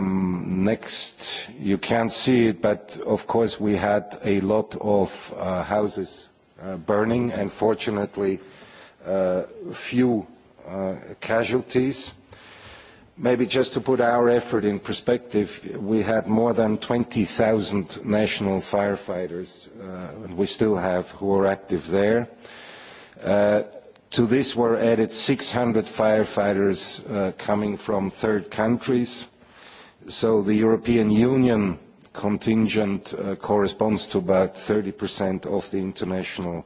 Speaker 5: Next, you can't see it, but of course we had a lot of houses burning and fortunately few casualties. Maybe just to put our effort in perspective, we had more than 20,000 national firefighters, and we still have, who are active there. To this were added 600 firefighters coming from third countries. So the European Union contingent corresponds to about 30% of the international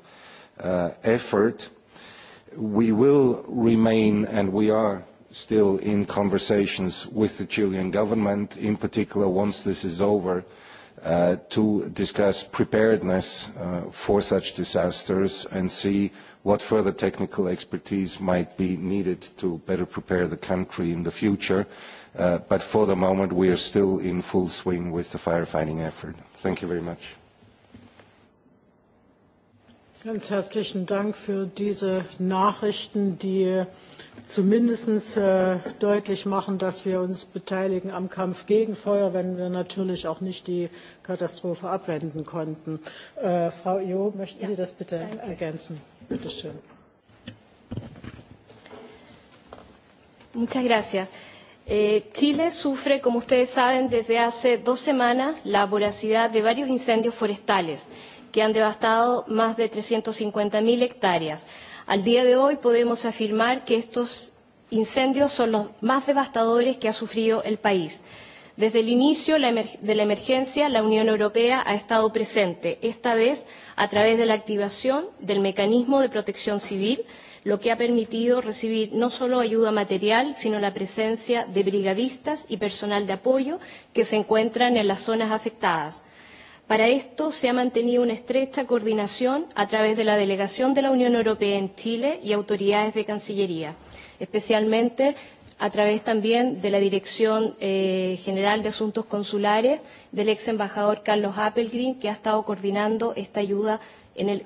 Speaker 5: effort. We will remain, and we are still in conversations with the Chilean government, in particular once this is over, to discuss preparedness for such disasters and see what further technical expertise might be needed to better prepare the country in the future. But for the moment, we are still in full swing with the firefighting effort. Thank you very much.
Speaker 1: Ganz herzlichen Dank für diese Nachrichten, die zumindest deutlich machen, dass wir uns beteiligen am Kampf gegen Feuer, wenn wir natürlich auch nicht die Katastrophe abwenden konnten. Frau
Speaker 2: Io, möchten Sie das bitte ergänzen? Muchas gracias. Chile sufre, como ustedes saben, desde hace dos semanas la voracidad de varios incendios forestales que han devastado más de 350.000 hectáreas. Al día de hoy podemos afirmar que estos incendios son los más devastadores que ha sufrido el país. Desde el inicio de la emergencia, la Unión Europea ha estado presente, esta vez a través de la activación del mecanismo de protección civil, lo que ha permitido recibir no solo ayuda material, sino la presencia de brigadistas y personal de apoyo que se encuentran en las zonas afectadas. Para esto se ha mantenido una estrecha coordinación a través de la delegación de la Unión Europea en Chile y autoridades de Cancillería, especialmente a través también de la Dirección General de Asuntos Consulares del ex embajador Carlos Appelgrin, que ha estado coordinando esta ayuda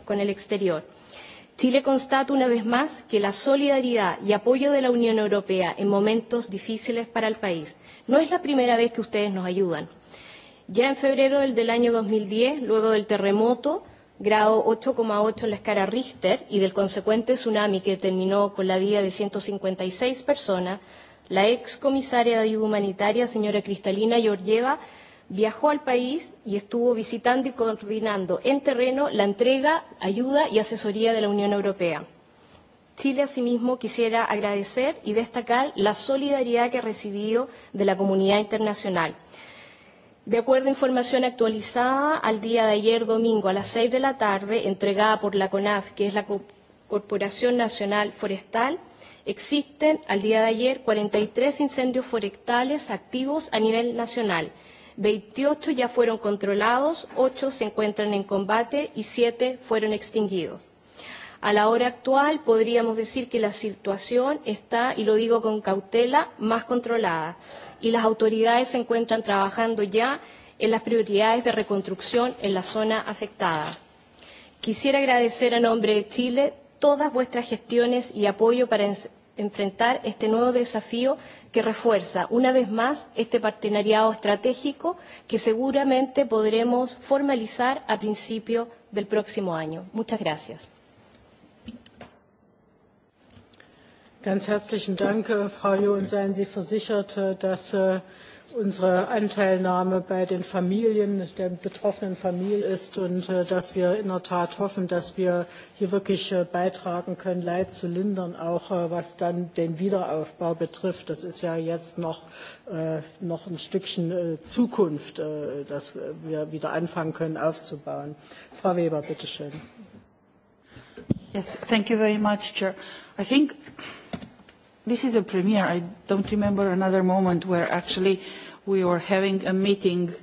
Speaker 2: con el exterior. Chile constata una vez más que la solidaridad y apoyo de la Unión Europea en momentos difíciles para el país. No es la primera vez que ustedes nos ayudan. Ya en febrero del año 2010, luego del terremoto, grado 8,8 en la escala Richter, y del consecuente tsunami que terminó con la vida de 156 personas, La ex comisaria de ayuda humanitaria, señora Cristalina Georgieva, viajó al país y estuvo visitando y coordinando en terreno la entrega, ayuda y asesoría de la Unión Europea. Chile, asimismo, quisiera agradecer y destacar la solidaridad que ha recibido de la comunidad internacional. De acuerdo a información actualizada al día de ayer domingo a las seis de la tarde, entregada por la CONAF, que es la Corporación Nacional Forestal, Existen, al día de ayer, 43 incendios forestales activos a nivel nacional. 28 ya fueron controlados, 8 se encuentran en combate y 7 fueron extinguidos. A la hora actual podríamos decir que la situación está, y lo digo con cautela, más controlada y las autoridades se encuentran trabajando ya en las prioridades de reconstrucción en la zona afectada. Quisiera agradecer a nombre de Chile todas vuestras gestiones y apoyo para enfrentar este nuevo desafío que refuerza una vez más este partenariado estratégico que seguramente podremos formalizar a principio del próximo año. Muchas gracias.
Speaker 1: Seien Sie versichert, dass unsere Anteilnahme bei den Familien, der betroffenen Familie ist und dass wir in der Tat hoffen, dass wir hier wirklich beitragen können, Leid zu lindern, auch was dann den Wiederaufbau betrifft. Das ist ja jetzt noch noch ein Stückchen Zukunft, dass wir wieder anfangen können aufzubauen. Frau Weber, bitteschön. Yes, thank you very much, Chair. I think
Speaker 4: this is a premiere. I don't remember another moment where actually we were having a meeting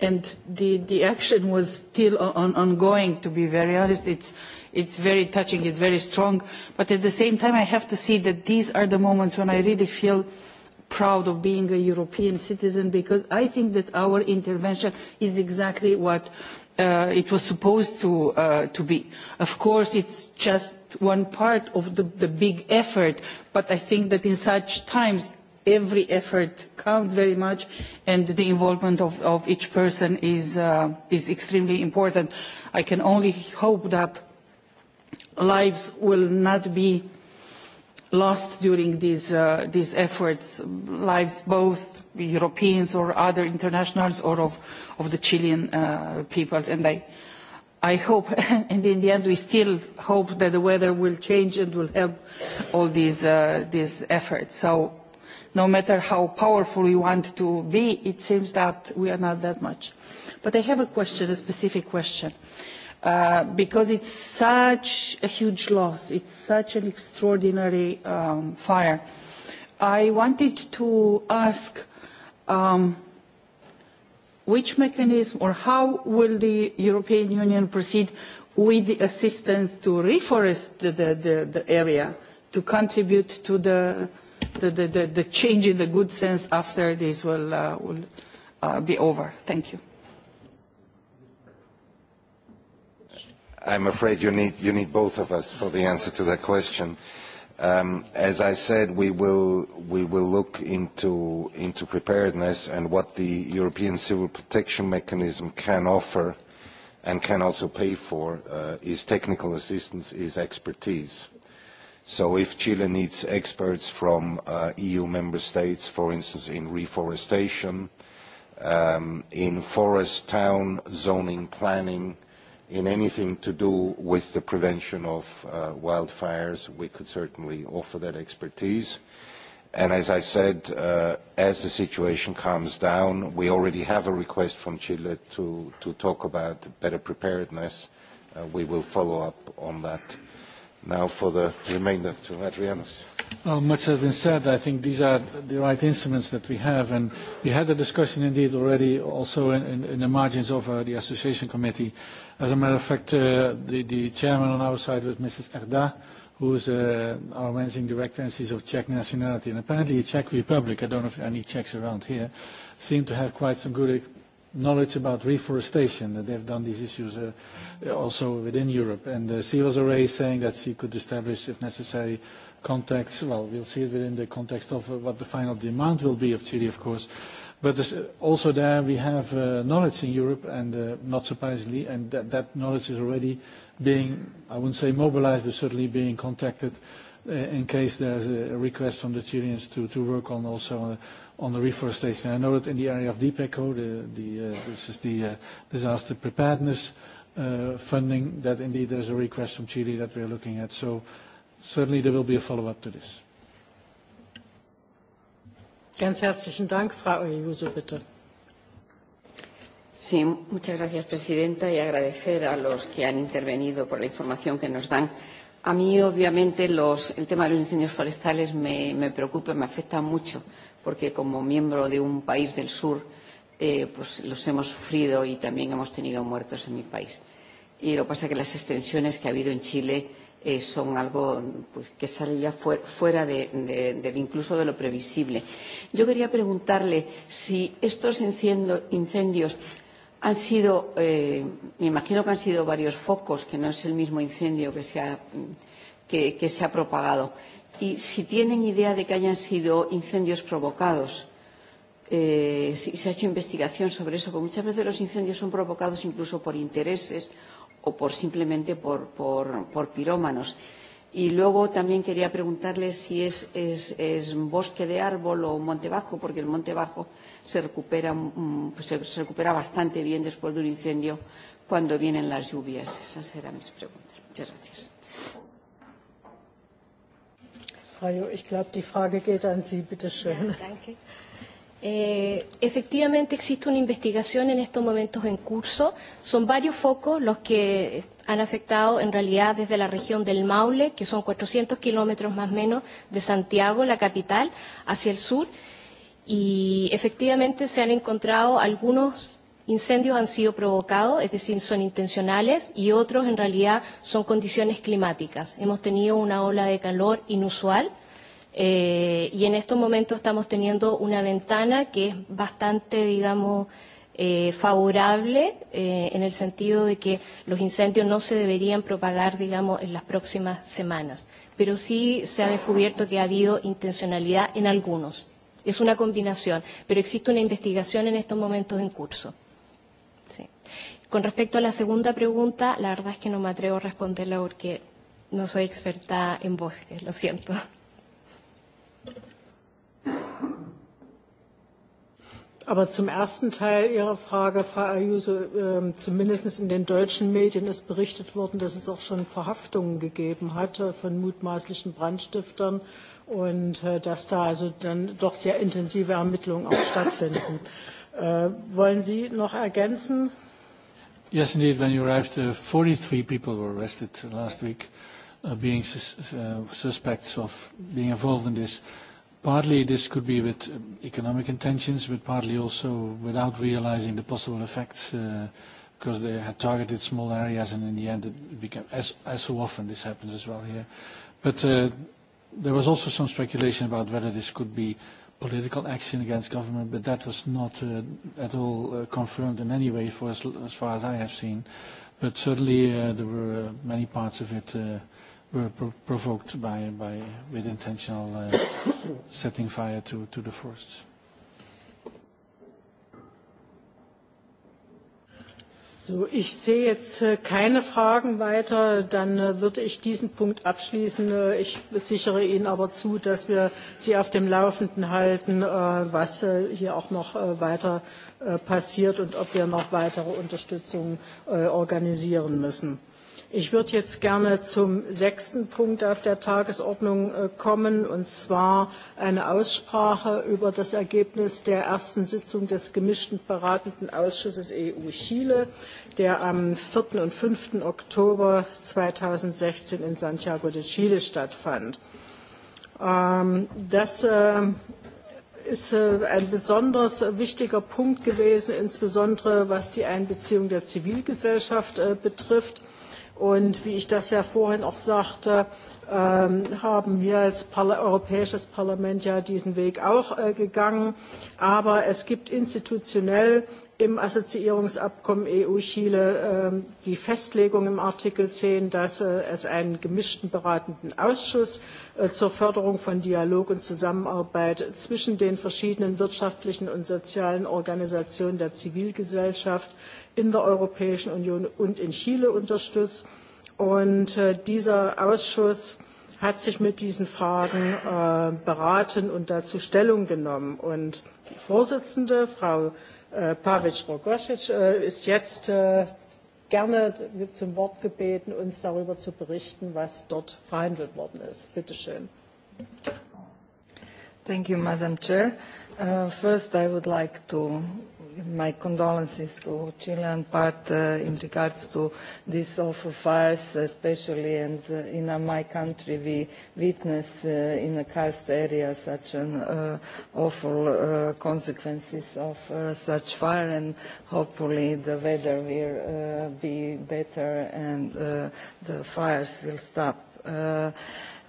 Speaker 4: and the the action was still ongoing to be very honest it's it's very touching it's very strong but at the same time i have to see that these are the moments when i really feel proud of being a european citizen because i think that our intervention is exactly what it was supposed to be. Of course, it's just one part of the big effort, but I think that in such times every effort counts very much and the involvement of each person is extremely important. I can only hope that lives will not be lost during these efforts, lives both Europeans or other internationals or of the Chilean peoples. And I hope, and in the end we still hope that the weather will change and will help all these efforts. So no matter how powerful we want to be, it seems that we are not that much. But I have a question, a specific question because it's such a huge loss. It's such an extraordinary fire. I wanted to ask which mechanism or how will the European Union proceed with the assistance to reforest the area to contribute to the change in the good sense after this will be over. Thank you.
Speaker 5: I'm afraid you need you need both of us for the answer to that question. As I said, we will we will look into into preparedness and what the European Civil Protection Mechanism can offer and can also pay for is technical assistance, is expertise. So if Chile needs experts from EU member states, for instance, in reforestation, in forest town zoning planning, in anything to do with the prevention of wildfires, we could certainly offer that expertise. And as I said, as the situation calms down, we already have a request from Chile to talk about better preparedness. We will follow up on that now for the remainder to Adrianus.
Speaker 3: Well, much has been said. I think these are the right instruments that we have, and we had a discussion indeed already also in the margins of the association committee. As a matter of fact, the chairman on our side was Mrs. Erda, who is our managing director, and she's of Czech nationality. And apparently, the Czech Republic, I don't know if any Czechs around here, seem to have quite some good knowledge about reforestation, that they've done these issues also within Europe. And she was already saying that she could establish, if necessary, contacts. Well, we'll see it within the context of what the final demand will be of Chile, of course. But also there we have knowledge in Europe, and not surprisingly, and that knowledge is already being, I wouldn't say mobilized, but certainly being contacted in case there's a request from the Chileans to work on also on the reforestation. I know that in the area of DPECO, this is the disaster preparedness funding, that indeed there is a request from Chile that we are looking at. So certainly there will be a follow-up to this.
Speaker 6: Ganz herzlichen Dank. Frau Ayuso, bitte. Sí, muchas gracias, Presidenta, y agradecer a los que han intervenido por la información que nos dan A mí, obviamente, los, el tema de los incendios forestales me, me preocupa, me afecta mucho, porque como miembro de un país del sur, eh, pues los hemos sufrido y también hemos tenido muertos en mi país. Y lo que pasa es que las extensiones que ha habido en Chile son algo pues, que sale ya fuera de, de, de, incluso de lo previsible. Yo quería preguntarle si estos incendios Han sido, me imagino que han sido varios focos, que no es el mismo incendio que se ha, que, que se ha propagado. Y si tienen idea de que hayan sido incendios provocados, eh, si se ha hecho investigación sobre eso, porque muchas veces los incendios son provocados incluso por intereses o por simplemente por, por, por pirómanos Y luego también quería preguntarle si es, bosque de árbol o monte bajo, porque el monte bajo se recupera, bastante bien después de un incendio cuando vienen las lluvias. Esas eran mis preguntas. Muchas gracias.
Speaker 2: Efectivamente existe una investigación en estos momentos en curso. Son varios focos los que han afectado en realidad desde la región del Maule, que son 400 kilómetros más o menos de Santiago, la capital, hacia el sur. Y efectivamente se han encontrado algunos incendios han sido provocados, es decir, son intencionales, y otros en realidad son condiciones climáticas. Hemos tenido una ola de calor inusual Eh, y en estos momentos estamos teniendo una ventana que es bastante, digamos, eh, favorable eh, en el sentido de que los incendios no se deberían propagar, digamos, en las próximas semanas. Pero sí se ha descubierto que ha habido intencionalidad en algunos. Es una combinación, pero existe una investigación en estos momentos en curso. Sí. Con respecto a la segunda pregunta, la verdad es que no me atrevo a responderla porque no soy experta en bosques, lo siento. Aber zum ersten Teil
Speaker 1: Ihrer Frage, Frau Ayuso, zumindest in den deutschen Medien ist berichtet worden, dass es auch schon Verhaftungen gegeben hat von mutmaßlichen Brandstiftern und dass da also dann doch sehr intensive Ermittlungen auch stattfinden. Wollen Sie noch ergänzen?
Speaker 3: Yes, indeed. When you arrived, 43 people were arrested last week, being suspects of being involved in this. Partly this could be with economic intentions, but partly also without realizing the possible effects, because they had targeted small areas, and in the end it became, as as so often this happens as well here. But there was also some speculation about whether this could be political action against government, but that was not at all confirmed in any way for as far as I have seen. But certainly there were many parts of it provoked by with intentional setting fire to to the forests. So,
Speaker 1: ich sehe jetzt keine Fragen weiter. Dann würde ich diesen Punkt abschließen. Ich sichere Ihnen aber zu, dass wir Sie auf dem Laufenden halten, was hier auch noch weiter passiert und ob wir noch weitere Unterstützung organisieren müssen. Ich würde jetzt gerne zum sechsten Punkt auf der Tagesordnung kommen, und zwar eine Aussprache über das Ergebnis der ersten Sitzung des gemischten beratenden Ausschusses EU-Chile, der am 4. und 5. Oktober 2016 in Santiago de Chile stattfand. Das ist ein besonders wichtiger Punkt gewesen, insbesondere was die Einbeziehung der Zivilgesellschaft betrifft. Und wie ich das ja vorhin auch sagte, haben wir als Europäisches Parlament ja diesen Weg auch gegangen. Aber es gibt institutionell im Assoziierungsabkommen EU-Chile die Festlegung im Artikel 10, dass es einen gemischten beratenden Ausschuss zur Förderung von Dialog und Zusammenarbeit zwischen den verschiedenen wirtschaftlichen und sozialen Organisationen der Zivilgesellschaft in der Europäischen Union und in Chile unterstützt. Und dieser Ausschuss hat sich mit diesen Fragen beraten und dazu Stellung genommen. Und die Vorsitzende, Frau Pavic Rogosic, ist jetzt gerne zum Wort gebeten, uns darüber zu berichten, was dort verhandelt worden ist. Bitte schön.
Speaker 7: Thank you, Madam Chair. First, I would like to my condolences to Chilean part in regards to these awful fires, especially and in my country we witness in the karst area such an awful consequences of such fire and hopefully the weather will be better and the fires will stop.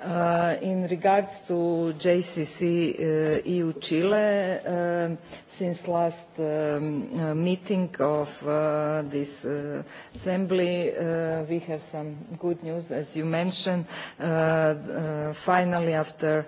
Speaker 7: In regards to JCC EU Chile, since last meeting of this assembly, we have some good news, as you mentioned. Finally, after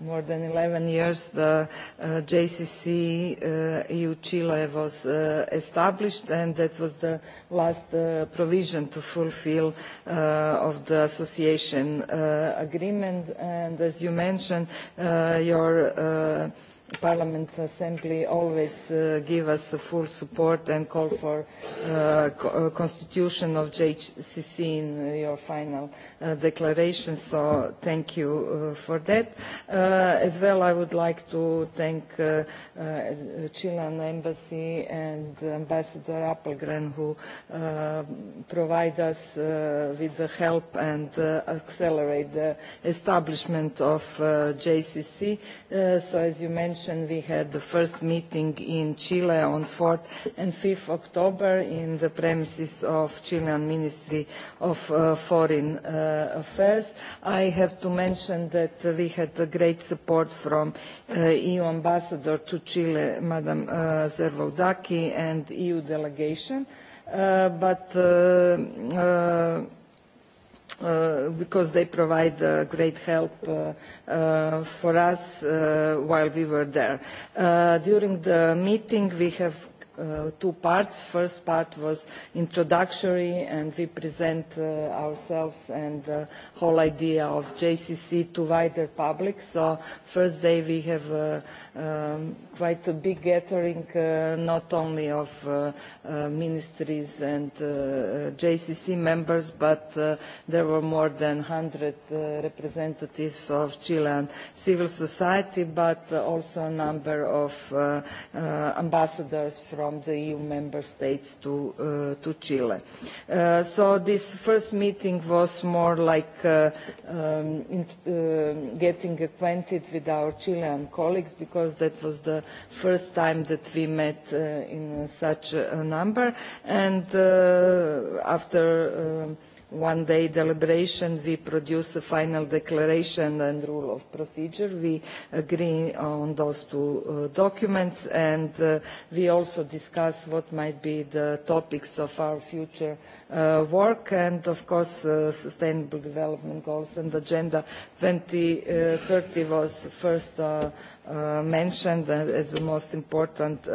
Speaker 7: more than 11 years the JCC EU-Chile was established and that was the last provision to fulfill of the association agreement and as you mentioned your Parliament Assembly always give us full support and call for constitution of JCC in your final declaration, so thank you for that. As well, I would like to thank Chilean Embassy and Ambassador Appelgren who provide us with the help and accelerate the establishment of JCC. So as you mentioned, we had the first meeting in Chile on 4th and 5th October in the premises of Chilean Ministry of Foreign Affairs. I have to mention that we had the great support from EU Ambassador to Chile, Madam Zervoudaki, and EU delegation, but because they provide great help for us while we were there. During the meeting we have two parts. First part was introductory and we present ourselves and the whole idea of JCC to wider public. So first day we have quite a big gathering not only of ministries and JCC members but there were more than 100 representatives of Chilean civil society but also a number of ambassadors from from the EU member states to to Chile. So this first meeting was more like getting acquainted with our Chilean colleagues because that was the first time that we met in such a number and after one day deliberation we produce a final declaration and rule of procedure we agree on those two documents and we also discuss what might be the topics of our future work and of course sustainable development goals and agenda 2030 was first mentioned as the most important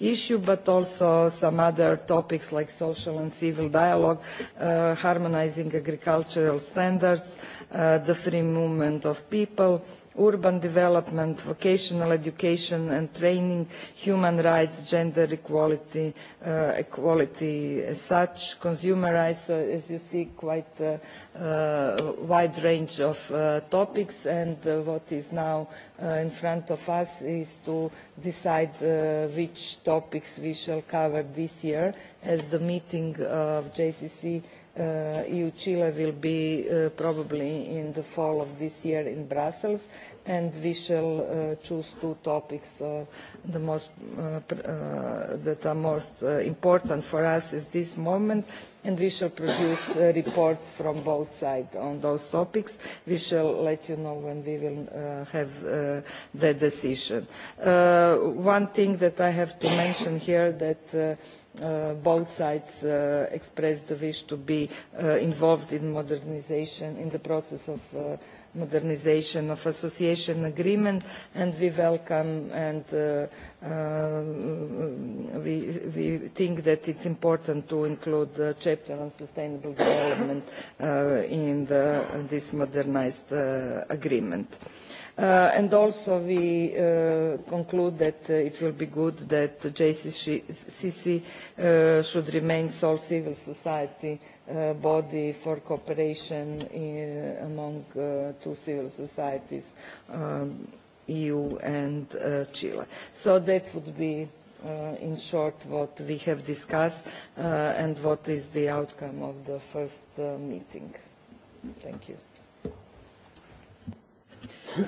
Speaker 7: issue, but also some other topics like social and civil dialogue, harmonizing agricultural standards, the free movement of people urban development, vocational education and training, human rights, gender equality, equality as such, consumer rights, as you see, quite a wide range of topics and what is now in front of us is to decide which topics we shall cover this year as the meeting of JCC EU Chile will be probably in the fall of this year in Brussels and we shall choose two topics the most that are most important for us at this moment and we shall produce reports from both sides on those topics. We shall let you know when we will have the decision. One thing that I have to mention here that both sides expressed the wish to be involved in modernization, in the process of modernization of association agreement, and we welcome and we we think that it's important to include the chapter on sustainable development in this modernized agreement. And also we conclude that it will be good that JCCC should remain sole civil society body for cooperation among two civil societies, EU and Chile. So that would be in short what we have discussed and what is the outcome of the
Speaker 1: first meeting. Thank you.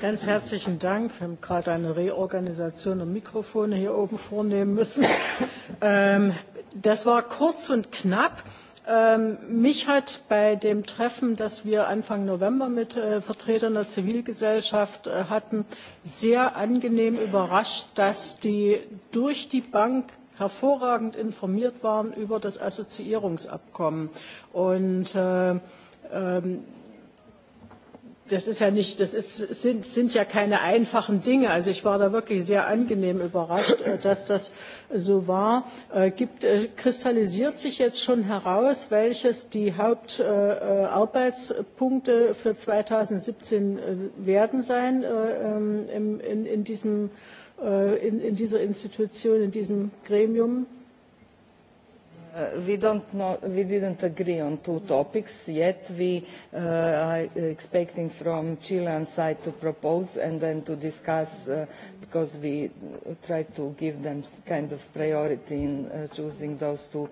Speaker 1: Ganz herzlichen Dank. Wir haben gerade eine Reorganisation der Mikrofone hier oben vornehmen müssen. Das war kurz und knapp. Mich hat bei dem Treffen, das wir Anfang November mit Vertretern der Zivilgesellschaft hatten, sehr angenehm überrascht, dass die durch die Bank hervorragend informiert waren über das Assoziierungsabkommen. Und das ist ja nicht, das ist, sind, sind ja keine einfachen Dinge. Also ich war da wirklich sehr angenehm überrascht, dass das so war. Gibt, kristallisiert sich jetzt schon heraus, welches die Hauptarbeitspunkte für 2017 werden sein in, in, diesem, in dieser Institution, in diesem Gremium?
Speaker 7: We didn't agree on two topics yet. We are expecting from Chilean side to propose and then to discuss because we try to give them kind of priority in choosing those two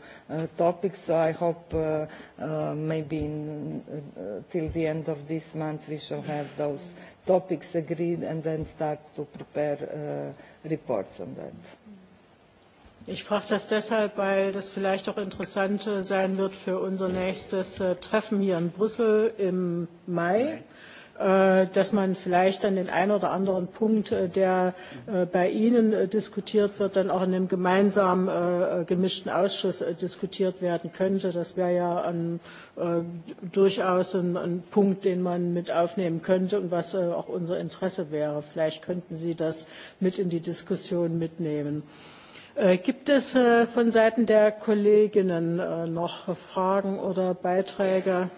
Speaker 7: topics. So I hope maybe till the end of this month we shall have those topics agreed and then start to prepare reports on that.
Speaker 1: Ich frage das deshalb, weil das vielleicht auch interessant sein wird für unser nächstes Treffen hier in Brüssel im Mai dass man vielleicht dann den einen oder anderen Punkt, der bei Ihnen diskutiert wird, dann auch in einem gemeinsamen gemischten Ausschuss diskutiert werden könnte. Das wäre ja durchaus ein Punkt, den man mit aufnehmen könnte und was auch unser Interesse wäre. Vielleicht könnten Sie das mit in die Diskussion mitnehmen. Gibt es von Seiten der Kolleginnen noch Fragen oder Beiträge?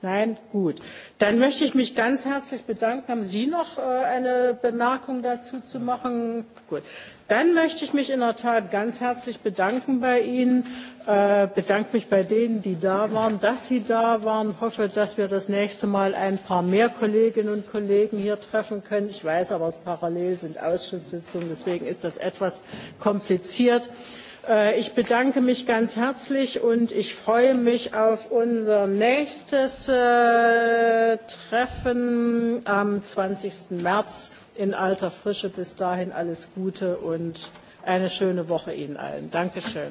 Speaker 1: Nein? Gut. Dann möchte ich mich ganz herzlich bedanken. Haben Sie noch eine Bemerkung dazu zu machen? Gut. Dann möchte ich mich in der Tat ganz herzlich bedanken bei Ihnen, bedanke mich bei denen, die da waren, dass Sie da waren, hoffe, dass wir das nächste Mal ein paar mehr Kolleginnen und Kollegen hier treffen können. Ich weiß aber, es parallel sind Ausschusssitzungen, deswegen ist das etwas kompliziert. Ich bedanke mich ganz herzlich und ich freue mich auf unser nächstes Treffen am 20. März in alter Frische. Bis dahin alles Gute und eine schöne Woche Ihnen allen. Dankeschön.